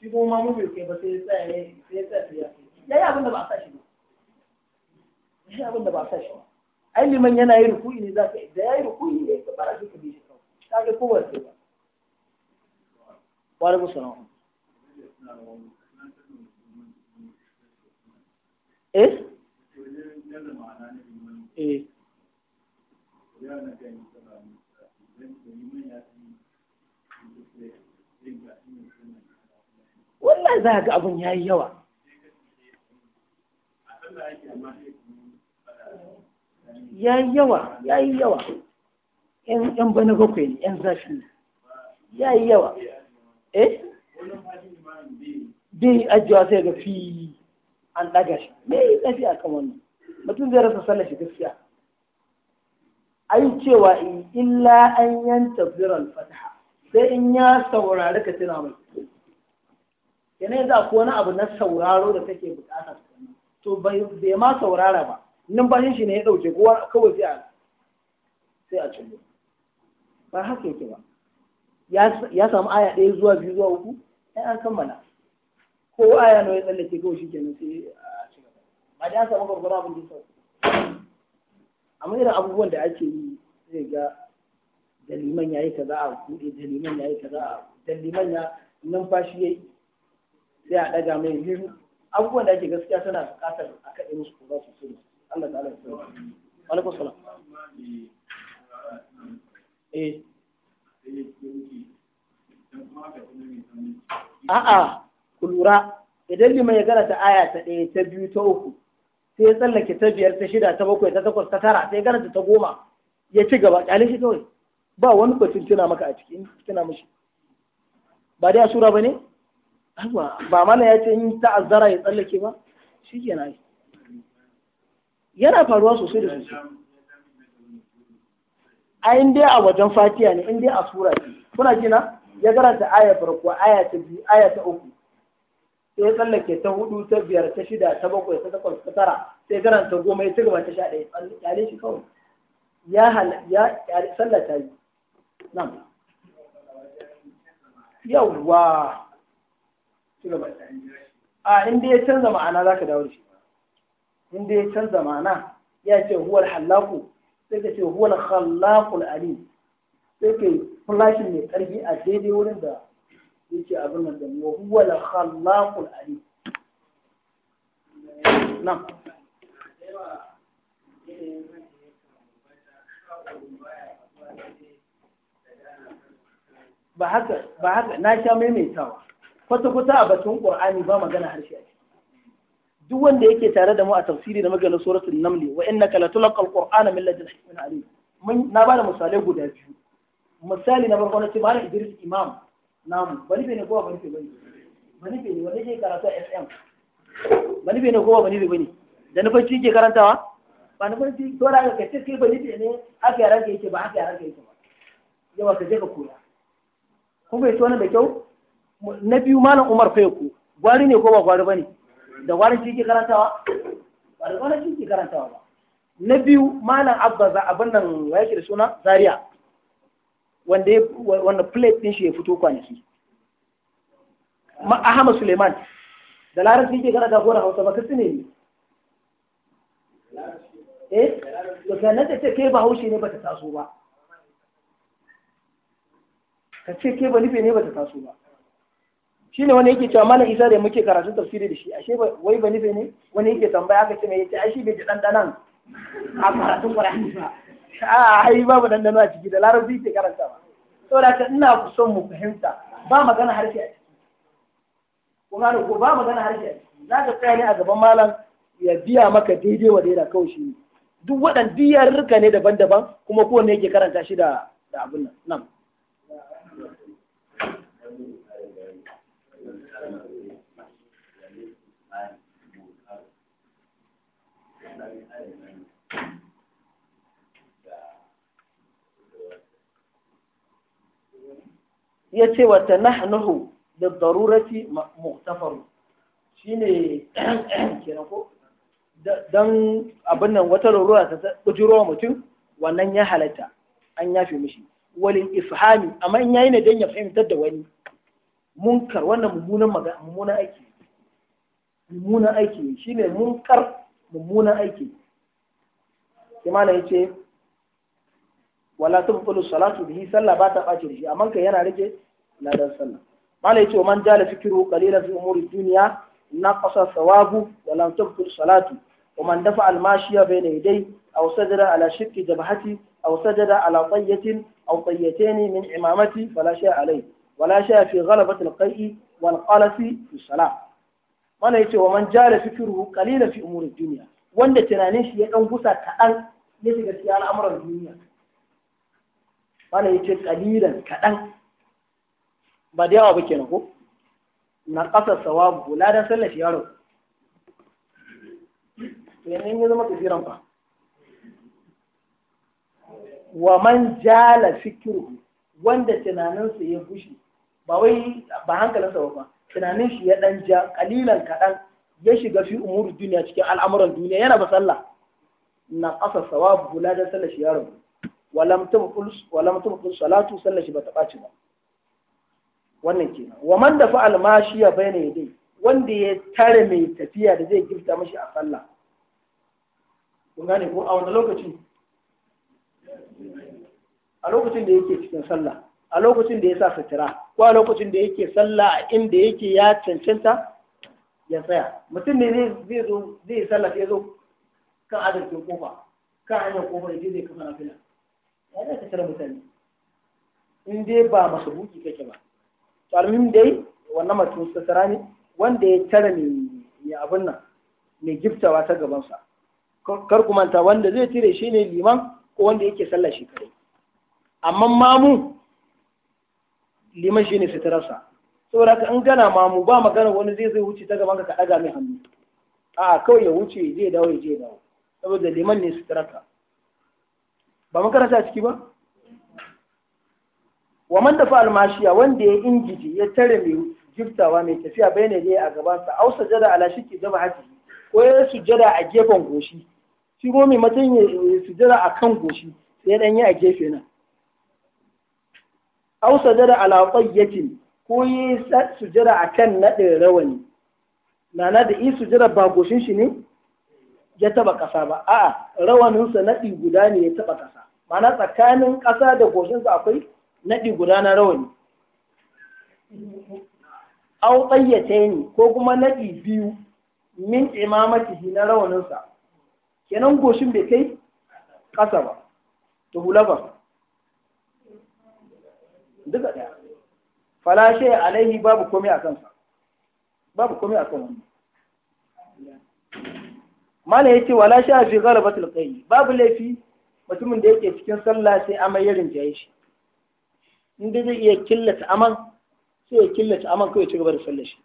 shi kuma mu bai kai ba sai ya tsaya sai ya tsaya ya abin da ba a shi ba abin da ba a ba ai liman yana yin ne za ka da ne ka fara shi bi shi kawai ka ga sai ba eh eh Allah za ga abin ya yi yawa ya yi yawa ya yi yawa yan bane bana bakwai ne yan Ya yi yawa eh Bi ajiyewa sai ga fi an ɗaga shi me yi ɗafi a kan wannan mutum zai rasa sallar shi gaskiya yi cewa in illa an yanta biran fataha sai in ya saurari ka tuna mai kenan yanzu a wani abu na sauraro da take bukata to bai ma saurara ba bashin shi ne ya dauke kowa kawai sai a sai a cillo ba haka yake ba ya samu aya ɗaya zuwa biyu zuwa uku sai an kammala ko aya nawa ya tsallake kawai shi kenan sai a ci gaba ba da an samu gwargwaro abin da ya amma irin abubuwan da ake yi zai ga daliman ya yi kaza a buɗe daliman ya yi kaza a daliman ya numfashi ya yi sai a ɗaga mai hiru abubuwan da ake gaskiya tana buƙatar a kaɗe musu kura sosai Allah ta'ala ya sauya alaikum salam eh a'a ku lura idan liman ya ta aya ta ɗaya ta biyu ta uku sai ya tsallake ta biyar ta shida ta bakwai ta takwas ta tara sai ya gara ta goma ya ci gaba ƙyale shi kawai ba wani batun tuna maka a cikin tuna mashi ba dai a sura ba ne ba mana ya ce in ta'azzara ya tsallake ba shi ke na yana faruwa sosai da sosai a in dai a wajen fatiya ne in dai a sura ce kuna gina? ya karanta aya farko aya ta biyu aya ta uku sai ya tsallake ta hudu ta biyar ta shida ta bakwai ta takwas ta tara sai karanta goma ya ci gaba ta sha ɗaya tsallake shi kawai ya hal ya sallah yi nan yawwa a inda ya canza ma'ana za ka dawo da shi inda ya canza ma'ana ya ce huwal hallaku sai ka ce huwal hallakul alim sai ka flashin mai karfi a daidai wurin da yake abin nan da wa huwal hallakul alim nan ba haka ba haka na sha maimaitawa kwata-kwata a batun ƙur'ani ba magana harshe a duk wanda yake tare da mu a tafsiri da maganar suratul namli wa innaka latulqal qur'ana min ladin hakimin alim mun na bada misalai guda biyu misali na farko na ce malam Idris Imam namu bani bai ne kowa bani bai bane bani bai ne wanda yake karatu a FM bani bai ne kowa bani bai bane da nufin shi ke karantawa ba nufin shi to da ka ce kai bani bai ne haka yaran ka yake ba haka yaran ka yake ba yawa ka je ka koya kuma yi tona da kyau na biyu malam umar fa ku gwari ne ko ba gwari bane da gwari shi ke karantawa ba da gwari shi ke karantawa ba na biyu malam abba za abin nan ya da suna zaria wanda wanda plate din shi ya fito kwanaki Ahmad Suleiman da larabci ke karanta ko da Hausa ba kasu ne eh to sannan ta ce ke ba haushe ne ba ta taso ba ka ce ke ba nufe ne ba ta taso ba shine wani yake cewa malam isa da muke karatun tafsiri da shi ashe wai ba nufe ne wani yake tambaya aka ce mai yace ashe bai ji dandanan a karatun qur'ani ba a ah, ai babu dandano a ciki da larabci ke karanta ba saboda ka ina son mu fahimta ba magana harshe a ciki kuma ko ba magana harshe a ciki za ka tsaya ne a gaban malam ya biya maka daidai wa daidai kawai shi duk waɗanda yarurruka ne daban-daban kuma kowanne yake karanta shi da abin nan ya ce wata nahnahu da darurati muktafaru shi ne ko don abin nan wata larura ta wa mutum wannan ya halatta an yafe mishi walin ifhami amma in yayi ne don ya fahimtar da wani munkar wannan mummunan mummunan aiki shi aiki munkar mummunan aiki sai mana ya ce wala tun fulus salatu da bihi sallah ba ta ɓace da shi amma kai yana rage ladan sallah mana ya ce wa man jala fikiru kalilan fi umuri duniya na ƙasa sawabu wala tun fulus salatu wa man dafa almashiya bai na yadai a wasu wasadara ala shirki Bahati, a wasu wasadara ala ƙayyatin a ƙayyate ni min imamati fala shaya alai wala shaya fi galabatin ƙai'i wal ƙalasi fi salah mana yace wa man jala fikruhu qalila fi umuri dunya wanda tunanin shi ya dan gusa kaɗan ya shiga cikin al'amuran duniya mana yace qalilan kaɗan ba da yawa ba kenan ko na kasa sawabu la sallar shi yaro to ne ya zama kafiran fa wa man jala fikruhu wanda tunaninsa ya gushi ba wai ba hankalinsa ba tunanin shi ya dan ja kalilan kaɗan ya shiga fi umuru duniya cikin al'amuran duniya yana ba sallah na ƙasa sawabu kula da sallah shi yaro walam walam tabqul salatu sallah shi ba ta ɓaci ba wannan ke wa man da fa'al mashiya bayna yadai wanda ya tare mai tafiya da zai gifta mashi a sallah kun gane ko a wani lokaci a lokacin da yake cikin sallah a lokacin da ya sa sutura ko lokacin da yake sallah a inda yake ya cancanta ya tsaya mutum ne zai zo zai sallah sai zo kan adalcin kofa kan hanyar kofa yaje zai kafa nafila ya zai tattara mutane in dai ba buki kake ba to almin dai wannan mutum tattara ne wanda ya tara ne abin nan mai giftawa ta gabansa kar ku manta wanda zai tire shi ne liman ko wanda yake sallah shi kare amma mamu liman shi ne suturarsa saboda ka in gana ma mu ba magana wani zai zai wuce ta gaban ka ɗaga mai hannu a kawai ya wuce zai dawo ya je dawo saboda liman ne suturarka ba mun karanta ciki ba wa man dafa almashiya wanda ya ingiji ya tare mai jiftawa mai tafiya bai ne a gabansa au jada ala ke zama haji ko ya sujada a gefen goshi shi gomi mutum ya sujada a kan goshi sai dan yi a gefe nan aw sajada ala tayyatin ko yi sujada akan naɗin rawani nana da yi jira ba goshin shi ne ya taba kasa ba a'a rawaninsa naɗi guda ne ya taba kasa mana tsakanin kasa da goshinsa akwai naɗi guda na rawani aw tayyatayn ko kuma naɗi biyu min imamatihi na rawaninsa kenan goshin bai kai kasa ba to ba duka ɗaya falashe alaihi babu komai a kansa babu komai a kan wani mala ya ce wala sha fi ghalabatul qayyi babu laifi mutumin da yake cikin sallah sai amai ya rinjaye shi inda zai iya killata aman sai ya killata aman kawai ci gaba da sallah shi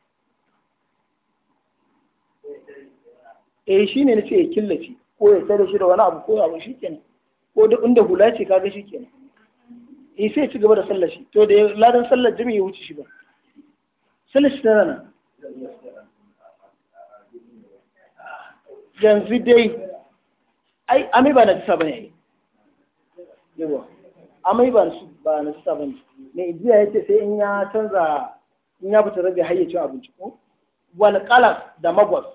eh shine ce ya killace ko ya tsare shi da wani abu ko abu kenan ko duk inda hula ce kaga kenan eh sai ci gaba da sallar shi to da ladan sallar jami'i wuce shi ba sallar shi tana nan yanzu dai ai amai ba na tisa ne. ai yawa amai ba su ba na tisa bane ne idiya yace sai in ya canza in ya fita rabi hayyacin abinci ko wal qalas da magwas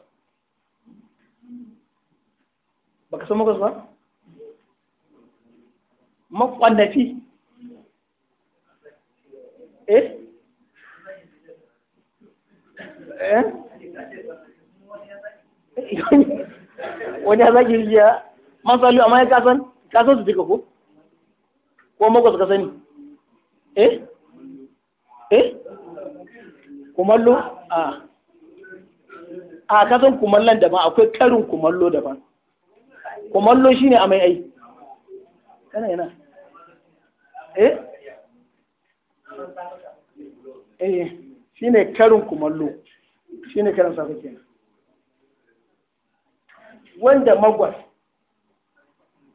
baka san magwas ba makwannafi eh eh wani ya zaki rijiya man salu amma ya kasan kasan su duka ko ko magwas ka sani eh eh kumallo a a kasan kumallon daban akwai karin kumallo daban kumallo shine amai ai kana yana eh eh shine karin kumallo shine karin safe kenan wanda magwas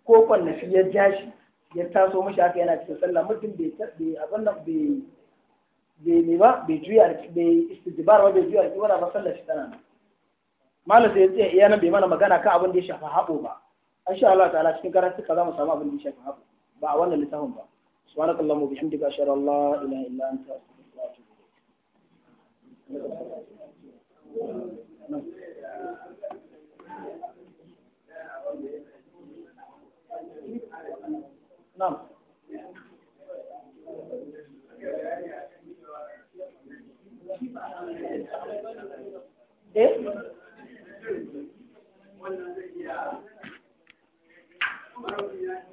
ko kwallafi ya jashi ya taso mashi haka yana cikin sallah mutum bai tabbe abin nan bai bai ne ba bai juya bai istijbar ba bai juya kiwara ba sallah shi tana malam sai ya ce iya nan bai mana magana kan abin da ya shafa haɓo ba insha Allah ta'ala cikin karatu ka za mu samu abin da ya shafa haɓo ba a wannan littafin ba سبحانك اللهم وبحمدك أشهد أن لا إله إلا أنت أستغفرك وأتوب إليك نعم إيه؟ Thank you.